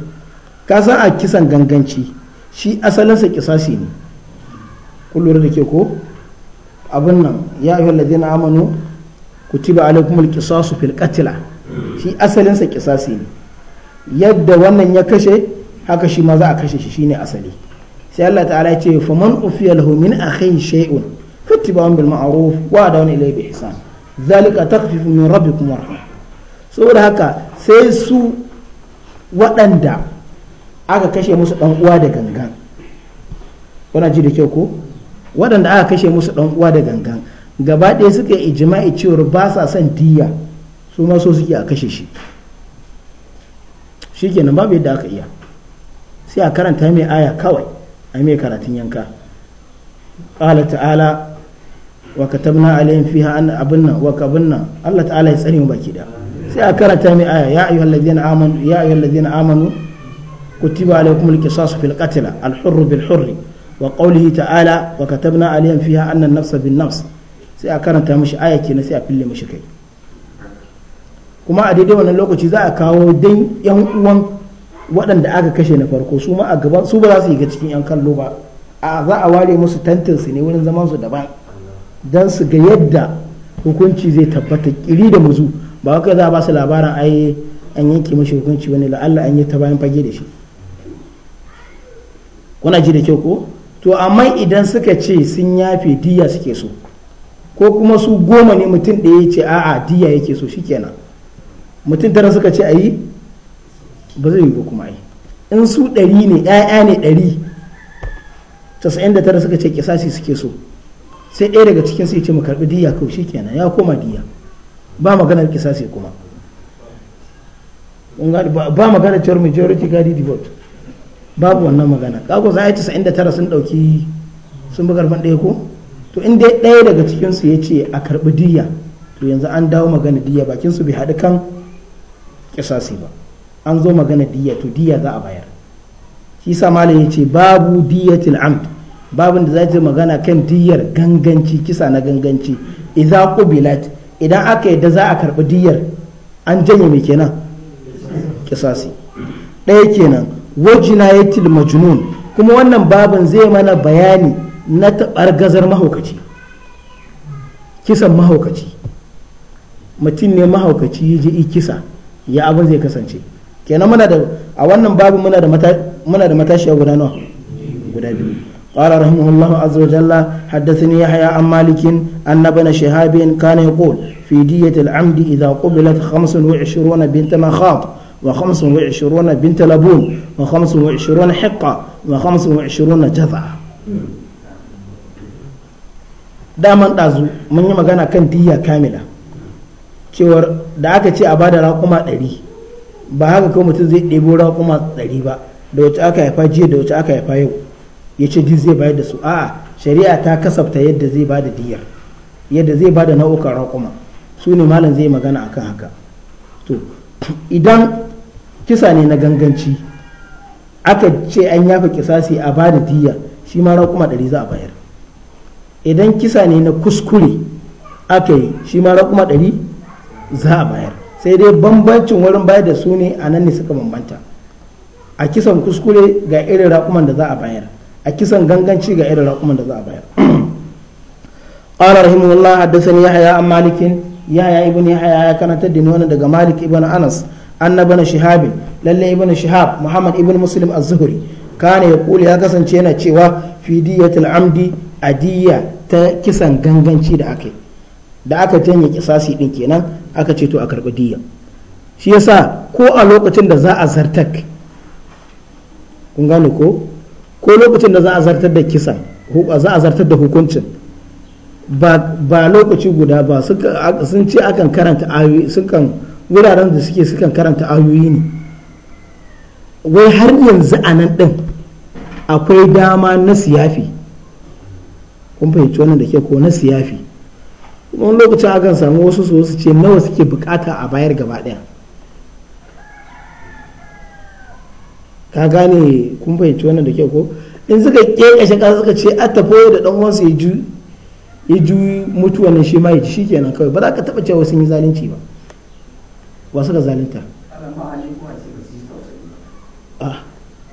ka san a kisan ganganci shi asalinsa kisasi ne kullum da ke ko abin nan ya ayyuhal ladina amanu kutiba alaikumul qisasu fil qatla shi asalinsa kisasi ne yadda wannan ya kashe haka shi ma za a kashe shi shine asali sai Allah ta'ala ya ce faman ufiya lahu min akhin shay'un fattiba'un bil ma'ruf wa da'un ilayhi bi ihsan zalika takhfifu min rabbikum warham saboda haka sai su waɗanda aka kashe musu dan uwa da gangan wana ji da kyau ko waɗanda aka kashe musu dan uwa da gangan gaba ɗaya suka yi ijma'i cewar ba sa son diya su ma so suke a kashe shi shikenan babu yadda aka iya sai a karanta mai aya kawai a mai karatun yanka qala ta'ala wa katabna alayhim fiha an abunna wa kabunna Allah ta'ala ya tsare mu baki da sai a karanta mai aya ya ayyuhallazina amanu ya ayyuhallazina amanu كتب عليكم القصاص في القتل الحر بالحر وقوله تعالى وكتبنا عليهم فيها أن النفس بالنفس sai a karanta mashi ayaki na sai a fille mashi kai kuma a daidai wannan lokaci za a kawo dan yan uwan waɗanda aka kashe na farko su ma a gaban su ba za su yi ga cikin yan kallo ba a za a ware musu su ne wurin zaman su daban dan su ga yadda hukunci zai tabbata kiri da muzu ba haka za ba su labarin ai an yanke mashi hukunci wani la'alla an yi ta bayan fage da shi kuna ji da kyau ko to amma idan suka ce sun yafe diya suke so ko kuma su goma ne mutum ɗaya ya ce a'a diya yake so shikenan mutum tara suka ce ayi ba zai yi ba kuma ayi in su ɗari ne ƴaƴa ne ɗari tasa'in da tara suka ce kisasi suke so sai ɗaya daga cikin su ya ce mu karɓi diya kawai kenan ya koma diya ba maganar kisasi kuma ba maganar cewar majority gadi vote babu wannan magana kago za a yi 99 sun dauki sun bi karfan ɗaya ko to in dai ɗaya daga cikinsu ya ce a karɓi diya to yanzu an dawo magana diya bakin su bai haɗu kan kisasi ba an zo magana diya to diya za a bayar shi sa malam ya ce babu diyatil amd babin da za ce magana kan diyar ganganci kisa na ganganci idza qubilat idan aka yadda za a karɓi diyar an janye mai kenan kisasi ɗaya kenan wajinayatil majnun kuma wannan babin zai mana bayani na taɓar gazar mahaukaci kisan mahaukaci mutum ne mahaukaci ya je kisa ya abin zai kasance kenan muna da a wannan babin muna da muna da matashiya guda nawa guda biyu قال رحمه الله عز وجل حدثني يحيى عن مالك أن ابن شهاب كان يقول في دية العمد إذا قبلت 25 بنت مخاط وخمس وعشرون بنت لبون وخمس وعشرون حقة وخمس وعشرون جذع daman ɗazu mun yi magana kan diya kamila cewar da aka ce a bada raƙuma ɗari ba haka kawai mutum zai ɗebo raƙuma ɗari ba da wacce aka haifa jiya da wacce aka haifa yau ya ce duk zai bayar da su a'a shari'a ta kasafta yadda zai bada diyar yadda zai bada nau'ukan raƙuma su ne malam zai magana akan haka to idan kisa ne na ganganci aka ce an yafa kisasi a ba da diya shi ma raƙuma ɗari za a bayar idan kisa ne na kuskure aka yi shi ma raƙuma ɗari za a bayar sai dai bambancin wurin bayar da su ne a nan ne suka bambanta a kisan kuskure ga irin raƙuman da za a bayar a kisan ganganci ga irin raƙuman da za a bayar قال رحمه الله حدثني يحيى عن مالك يحيى ابن يحيى كانت الدنيا daga malik ibn anas anna bana shihab lalle ibn shihab muhammad ibn muslim az-zuhri kana kula ya kasance yana cewa fidiyatul amdi adiya ta kisan ganganci da aka da aka janye kisasi din kenan aka ce to a karbi diyya. shi yasa ko a lokacin da za a zartak kun gane ko ko lokacin da za a zartar da kisan za a zartar da hukuncin ba lokaci guda ba sun ce akan karanta ayoyi sun kan wuraren da suke sukan karanta ayoyi ne wai har yanzu a nan ɗin akwai dama na siyafi kun fahimci wannan da ke ko na siyafi kuma wani lokacin kan samu wasu su wasu ce nawa suke bukata a bayar gaba ɗaya ka gane kun fahimci wannan da ke ko in suka kekashe ƙasa suka ce a tafi da ɗan wasu ya ji mutuwa nan shi ma ya ji shi kenan kawai ba za ka taɓa cewa sun yi zalunci ba wasu da zalinta a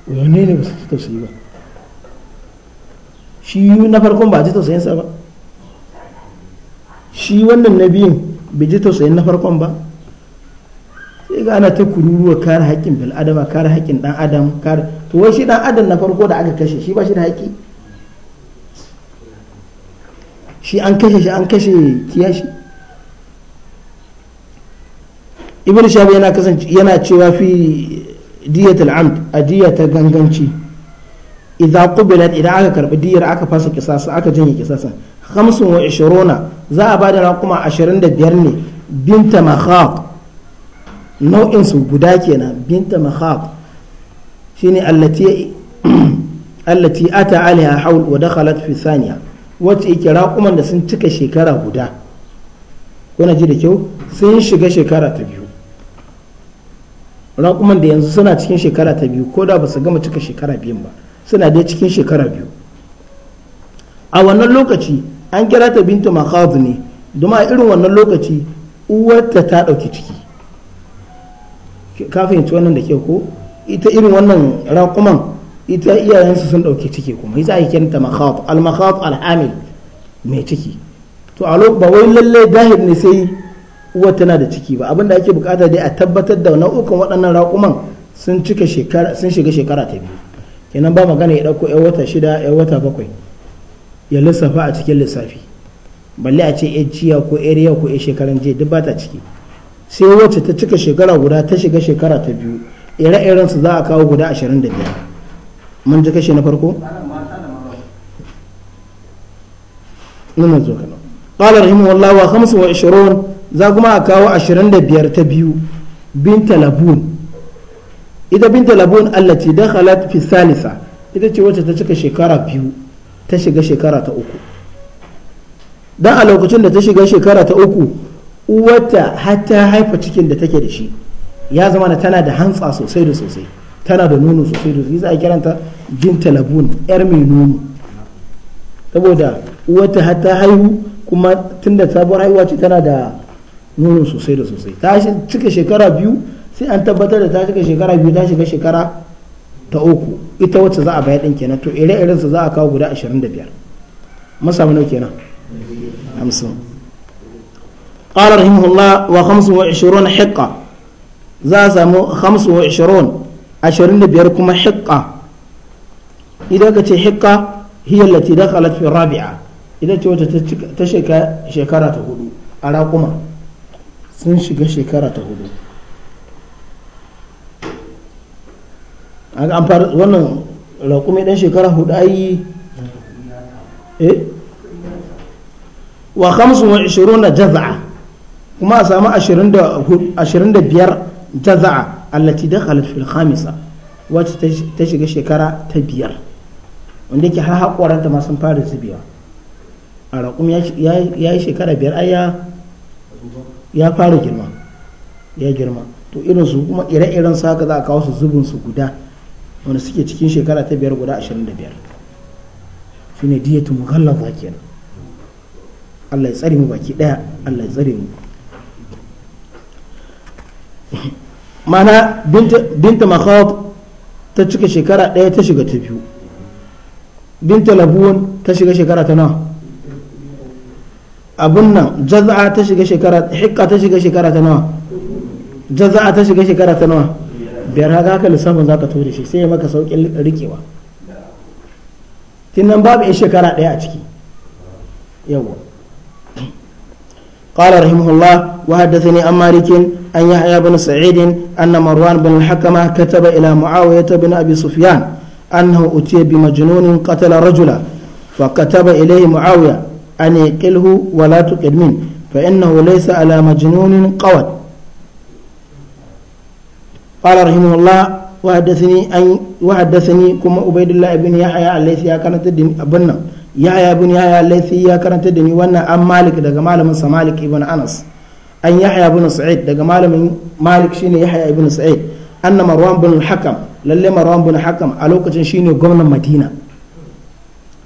wani ne ba su tausayi ba shi na farkon ba a ji sa ba shi wannan na biyun bai ji tausayin na farkon ba sai ga ana ta kururuwa kare haƙƙin bil'adama kare haƙƙin ɗan adam kare to wai shi ɗan adam na farko da aka kashe shi ba shi da haƙƙi shi an kashe shi an kashe kiyashi ibn shahab yana kasance yana cewa fi diyatul amd a ta ganganci idza qubilat idan aka karbi diyar aka fasa kisasa aka janye kisasa ishruna za a bada raquma 25 ne binta mahaq nau'in su guda kenan binta mahaq shine allati <clears throat> allati ata alaiha haul wa dakhalat fi thaniya wacce yake raquman da sun cika shekara guda kuna ji da kyau sun shiga shekara ta biyu raƙuman da yanzu suna cikin shekara ta biyu ko da ba su gama cika shekara biyun ba suna dai cikin shekara biyu a wannan lokaci an kira ta bintu makhadh ne domin a irin wannan lokaci uwarta ta ɗauki ciki ka fahimci wannan da ke ko ita irin wannan raƙuman ita iyayensu sun ɗauki ciki kuma ita ake ta makhadh al makhadh al hamil mai ciki to a lokacin ba wai lallai dahir ne sai uwar tana da ciki ba abinda ake bukata dai a tabbatar da nau'ukan waɗannan raƙuman sun cika shekara sun shiga shekara ta biyu kenan ba magana ya ɗauko yan wata shida yan wata bakwai ya lissafa a cikin lissafi balle a ce yan ciya ko area ko yan shekaran jiya duk ba ta ciki sai wacce ta cika shekara guda ta shiga shekara ta biyu ire-iren su za a kawo guda ashirin da biyar mun ji kashe na farko? Nuna zo kana. qala rahimahullah wa 25 za kuma a kawo 25 ta biyu binta labun ita binta labun allati dakhalat fi salisa ita ce wacce ta cika shekara biyu ta shiga shekara ta uku dan a lokacin da ta shiga shekara ta uku uwarta har ta haifa cikin da take da shi ya zama na tana da hantsa sosai da sosai tana da nono sosai da kiranta binta labun yar mai nono saboda uwarta har haihu kuma tun da sabuwar haihuwa ce tana da nono sosai da sosai ta cika shekara biyu sai an tabbatar da ta cika shekara biyu ta shiga shekara ta uku ita wacce za a bayar din kenan to ire iren su za a kawo guda 25 masa samu nau kenan 50 qala rahimahullah wa 25 hiqqa za a samu 25 25 kuma hiqqa idan ka ce hiqqa hiya allati dakhalat fi rabi'a ita ce wata ta shekara ta hudu a raƙuma sun shiga shekara ta hudu wannan raƙumi ɗan shekara hudu ayi eh? wa kamsu wa ishirin na jaza'a kuma a samu ashirin da biyar jaza'a allati da wacce ta shiga shekara ta biyar wanda ke har haƙoranta ma fara zubewa a raƙum ya yi shekara biyar ai ya fara girma ya girma to irin su kuma ire-iren su haka za a kawo su zubin su guda wanda suke cikin shekara ta biyar guda ashirin da biyar shi ne diyatu mughallaza kenan Allah ya tsare mu baki daya Allah ya tsare mu mana binta makhab ta cika shekara daya ta shiga ta biyu binta labuwan ta shiga shekara ta nawa abun nan jaza'a ta shiga shekara hikka ta shiga shekara ta nawa jaza'a ta shiga shekara ta nawa biyar haka ka lissafin ka tore shi sai ya maka saukin rikewa nan babu shekara ɗaya a ciki yawa قال رحمه الله وحدثني عن مالك أن يحيى بن سعيد أن مروان بن الحكمة كتب إلى معاوية بن أبي سفيان أنه أتي بمجنون قتل رجلا فكتب إليه معاوية أن يقله ولا تقل منه فإنه ليس على مجنون قوت قال رحمه الله وحدثني أي وحدثني كما عبيد الله بن يحيى الذي يا كانت الدين ابن يحيى بن يحيى الذي يا كانت الدين وانا ام مالك دغ مالك سمالك ابن انس an يحيى بن سعيد daga malamin malik shine yahya ibn sa'id anna marwan bin hakam lalle marwan bin hakam a lokacin shine gwamnan madina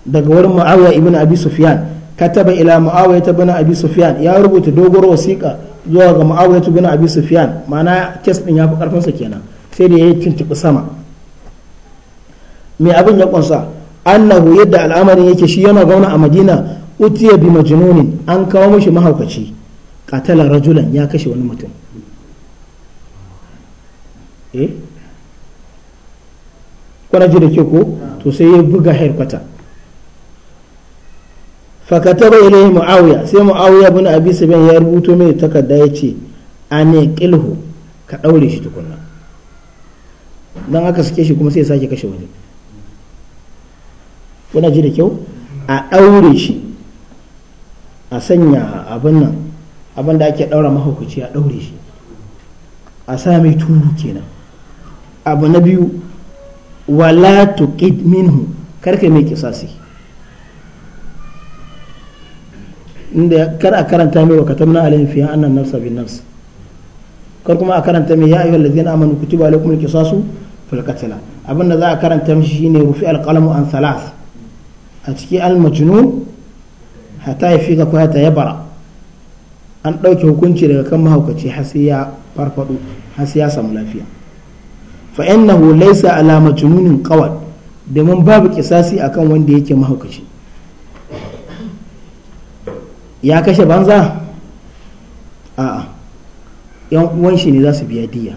daga wurin muawiya ibn abi sufyan kataba ila muawiyah bin abi sufyan ya rubuta dogoro wasiqa zuwa ga muawiyah bin abi sufyan ma'ana kes din ya fi karfin sa kenan sai da yayi tuntubi sama me abin ya kunsa annahu yadda al'amarin yake shi yana zauna a madina utiya bi majnunin an kawo mishi mahaukaci qatala rajulan ya kashe wani mutum eh kwana ji da ke ko to sai ya buga hairkwata fakataba ilai muawiya sai muawiya bin abi sabin ya rubuto mai takarda ya ce ane kilhu ka daure shi tukunna dan aka sake shi kuma sai ya sake kashe wani kuna ji da kyau a daure shi a sanya abin nan abin da ake daura mahaukaci a daure shi a sa mai turu kenan abu na biyu wala tuqid minhu karka mai kisasi inda kar a karanta mai wa katamna alaihim fi annan nafsa bin nafs kar kuma a karanta mai ya ayyuhal ladzina amanu kutiba alaikumul qisasu fil qatl abin da za a karanta mishi shine rufi alqalamu an salas a ciki al majnun hatta yafiqa ko hatta bara an dauke hukunci daga kan mahaukaci har sai ya farfado har sai ya samu lafiya fa innahu laysa ala majnunin qawad domin babu kisasi akan wanda yake mahaukaci ya kashe banza a'a yan uwan shi ne za su biya diya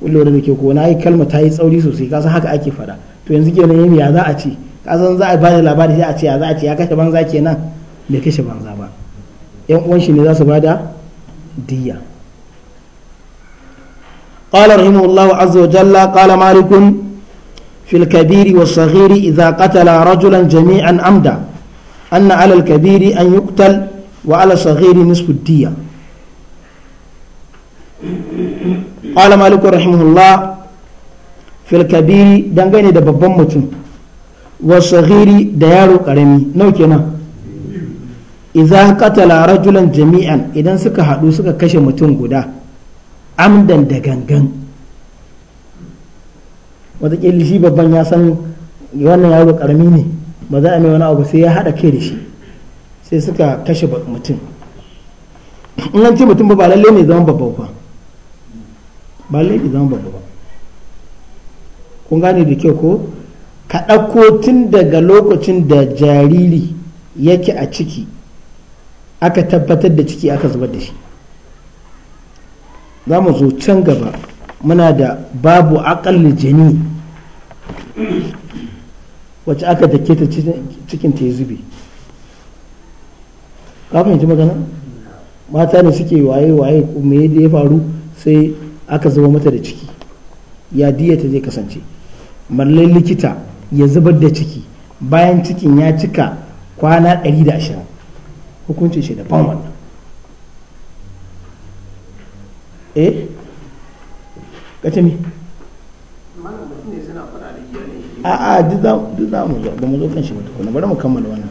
kullum da ke ko na yi kalma ta yi tsauri sosai kasan haka ake fada to yanzu kenan yin ya za a ce kasan za a ba da labari sai a ce ya za a ce ya kashe banza kenan bai kashe banza ba yan uwan shi ne za su ba da diya قال رحمه الله عز وجل قال مالك في الكبير والصغير إذا قتل رجلا جميعا عمدا أن على الكبير أن يقتل وعلى الصغير نصف الدية قال مالك رحمه الله في الكبير دنگاني دا babban mutum والصغير da yaro karami nau kenan idza qatala rajulan jami'an idan suka hadu suka kashe mutum guda amdan da gangan wataƙila shi babban ya san wannan yaro karami ne ba za a mai wani abu sai ya haɗa kai da shi sai suka kashe mutum in an ce mutum ba lalle ne zaman babba ba ba lalle ne zaman babba ba kun gane da kyau ko ka ɗauko tun daga lokacin da jariri yake a ciki aka tabbatar da ciki aka zubar da shi za mu zo can gaba muna da babu aƙalli jini wacce aka dake ta cikin ta zube ka fahimci magana mata ne suke waye waye me yadda ya faru sai aka zuba mata da ciki ya diya zai kasance mallai likita ya zubar da ciki bayan cikin ya cika kwana 120 hukuncin shi da ban wannan eh kace me a'a duk za mu zo ba mu zo kan shi tukuna bari mu kammala wannan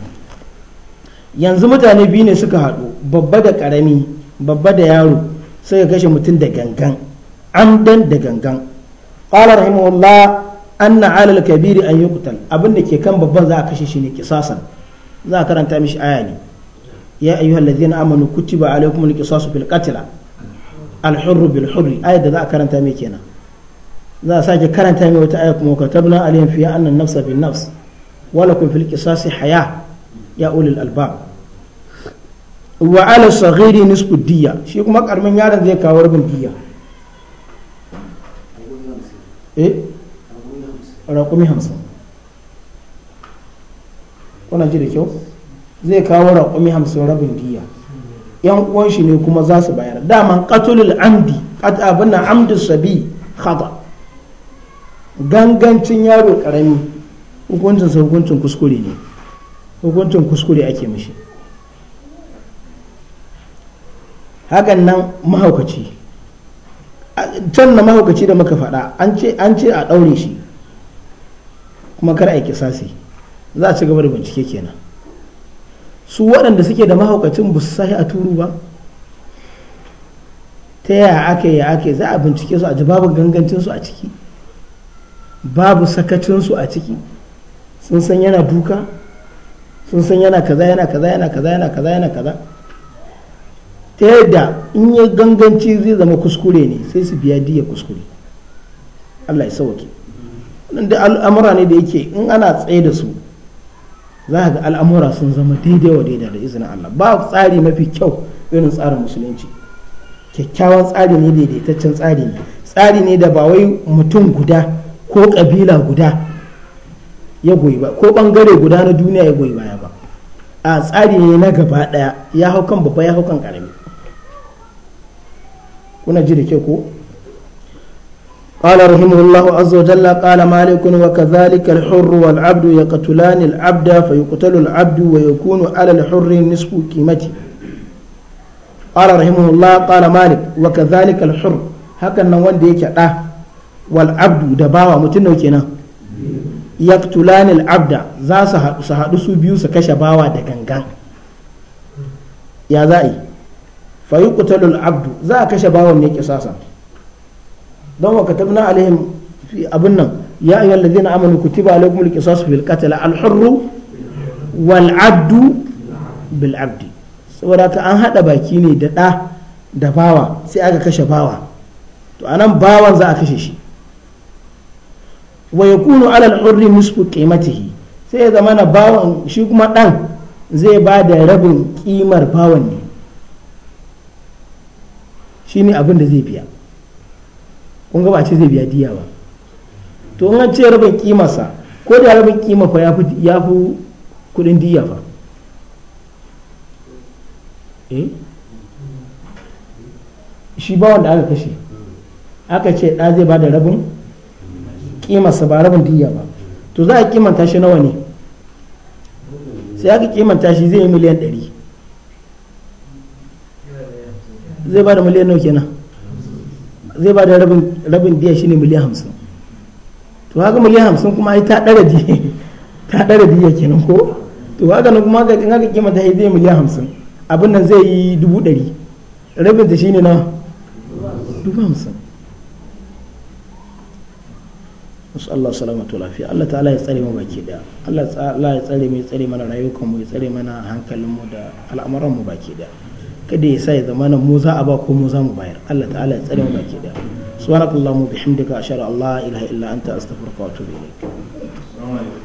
yanzu mutane biyu ne suka haɗu babba da ƙarami babba da yaro suka kashe mutum da gangan amdan da gangan qala rahimahullah anna alal kabiri an yuqtal abin da ke kan babban za a kashe shi ne kisasan za a karanta mishi aya ne ya ayyuhal ladzina amanu kutiba alaykumul qisasu fil qatl al hurru bil hurri aya da za a karanta mai kenan za a sake karanta mai wata aya kuma katabna alayhim fiha anna an-nafsa bin nafs wa lakum fil haya ya ulil alba. wa ala diya shi kuma karmin yaron zai kawo rabin diya eh raƙumi hamsin kuna ji da kyau zai kawo raƙumi hamsin rabin diya yan uwan shi ne kuma za su bayar dama qatulul amdi qat na amdu sabi khata gangancin yaro karami hukuncin sa hukuncin kuskure ne hukuncin kuskure ake mishi hakan nan mahaukaci can na mahaukaci da muka faɗa an ce a ɗaure shi kuma kar a yi kisasi za a ci gaba da bincike kenan su waɗanda suke da mahaukacin ba su sahi a turu ba ta yaya ake ya ake za a bincike su a ji babu gangancinsu a ciki babu sakacinsu a ciki sun san yana duka sun san yana kaza yana kaza yana kaza yana kaza yana kaza ta yadda in ya ganganci zai zama kuskure ne sai su biya diya kuskure Allah ya sauke da al'amura ne da yake in ana tsaye da su za ga al'amura sun zama daidai wa daidai da izinin Allah ba tsari mafi kyau irin tsarin musulunci kyakkyawan tsari ne daidaitaccen tsari ne tsari ne da ba wai mutum guda ko ƙabila guda ya goyi ba ko bangare guda na duniya ya goyi baya ba a tsari ne na gaba daya ya hau kan babba ya hau kan karami kuna ji da ke ko قال رحمه الله عز وجل قال مالك وكذلك الحر والعبد يقتلان العبد فيقتل العبد ويكون على الحر نصف قيمته قال رحمه الله قال مالك وكذلك الحر هكذا wal abdu da bawa mutum nau kenan yaktulanil abda za su haɗu su haɗu biyu su kashe bawa da gangan ya za yi fa yuqtalul abdu za a kashe bawan ne kisasa don wa katabna alaihim fi abun nan ya ayyuhal ladina amanu kutiba alaykumul qisasu fil qatl al hurru wal abdu bil abdi saboda ka an haɗa baki ne da ɗa da bawa sai aka kashe bawa to anan bawan za a kashe shi wa kunu alal hurri nisfu qimatihi sai ya zama na bawan shi kuma dan zai ba da rabin kimar bawan ne shi ne abin da zai biya kun ga ba ce zai biya diya ba to in ce rabin kimarsa ko da rabin kima fa ya fi kudin diya fa eh? shi bawon da aka kashe aka ce ɗan zai ba da rabin kimarsa ba rabin diya ba to za a kimanta shi nawa ne sai aka kimanta shi zai yi miliyan 100 zai ba da miliyan nawa kenan zai ba da rabin diya shi ne miliyan 50 to haka miliyan 50 kuma ai ta dara diya ta dara diya kenan ko to haka nan kuma in aka kimanta shi zai yi miliyan 50 abin nan zai yi dubu ɗari rabin da shi ne na dubu hamsin musu Allah salamatu lafiya Allah ta'ala ya tsare mu baki daya Allah ya tsare mu ya tsare mana rayukan mu ya tsare mana hankalin mu da al'amuran mu baki daya kada ya sa ya zama nan mu za a ba ko mu za mu bayar Allah ta'ala ya tsare mu baki daya subhanakallahumma bihamdika ashhadu an la ilaha illa anta astaghfiruka wa atubu ilaik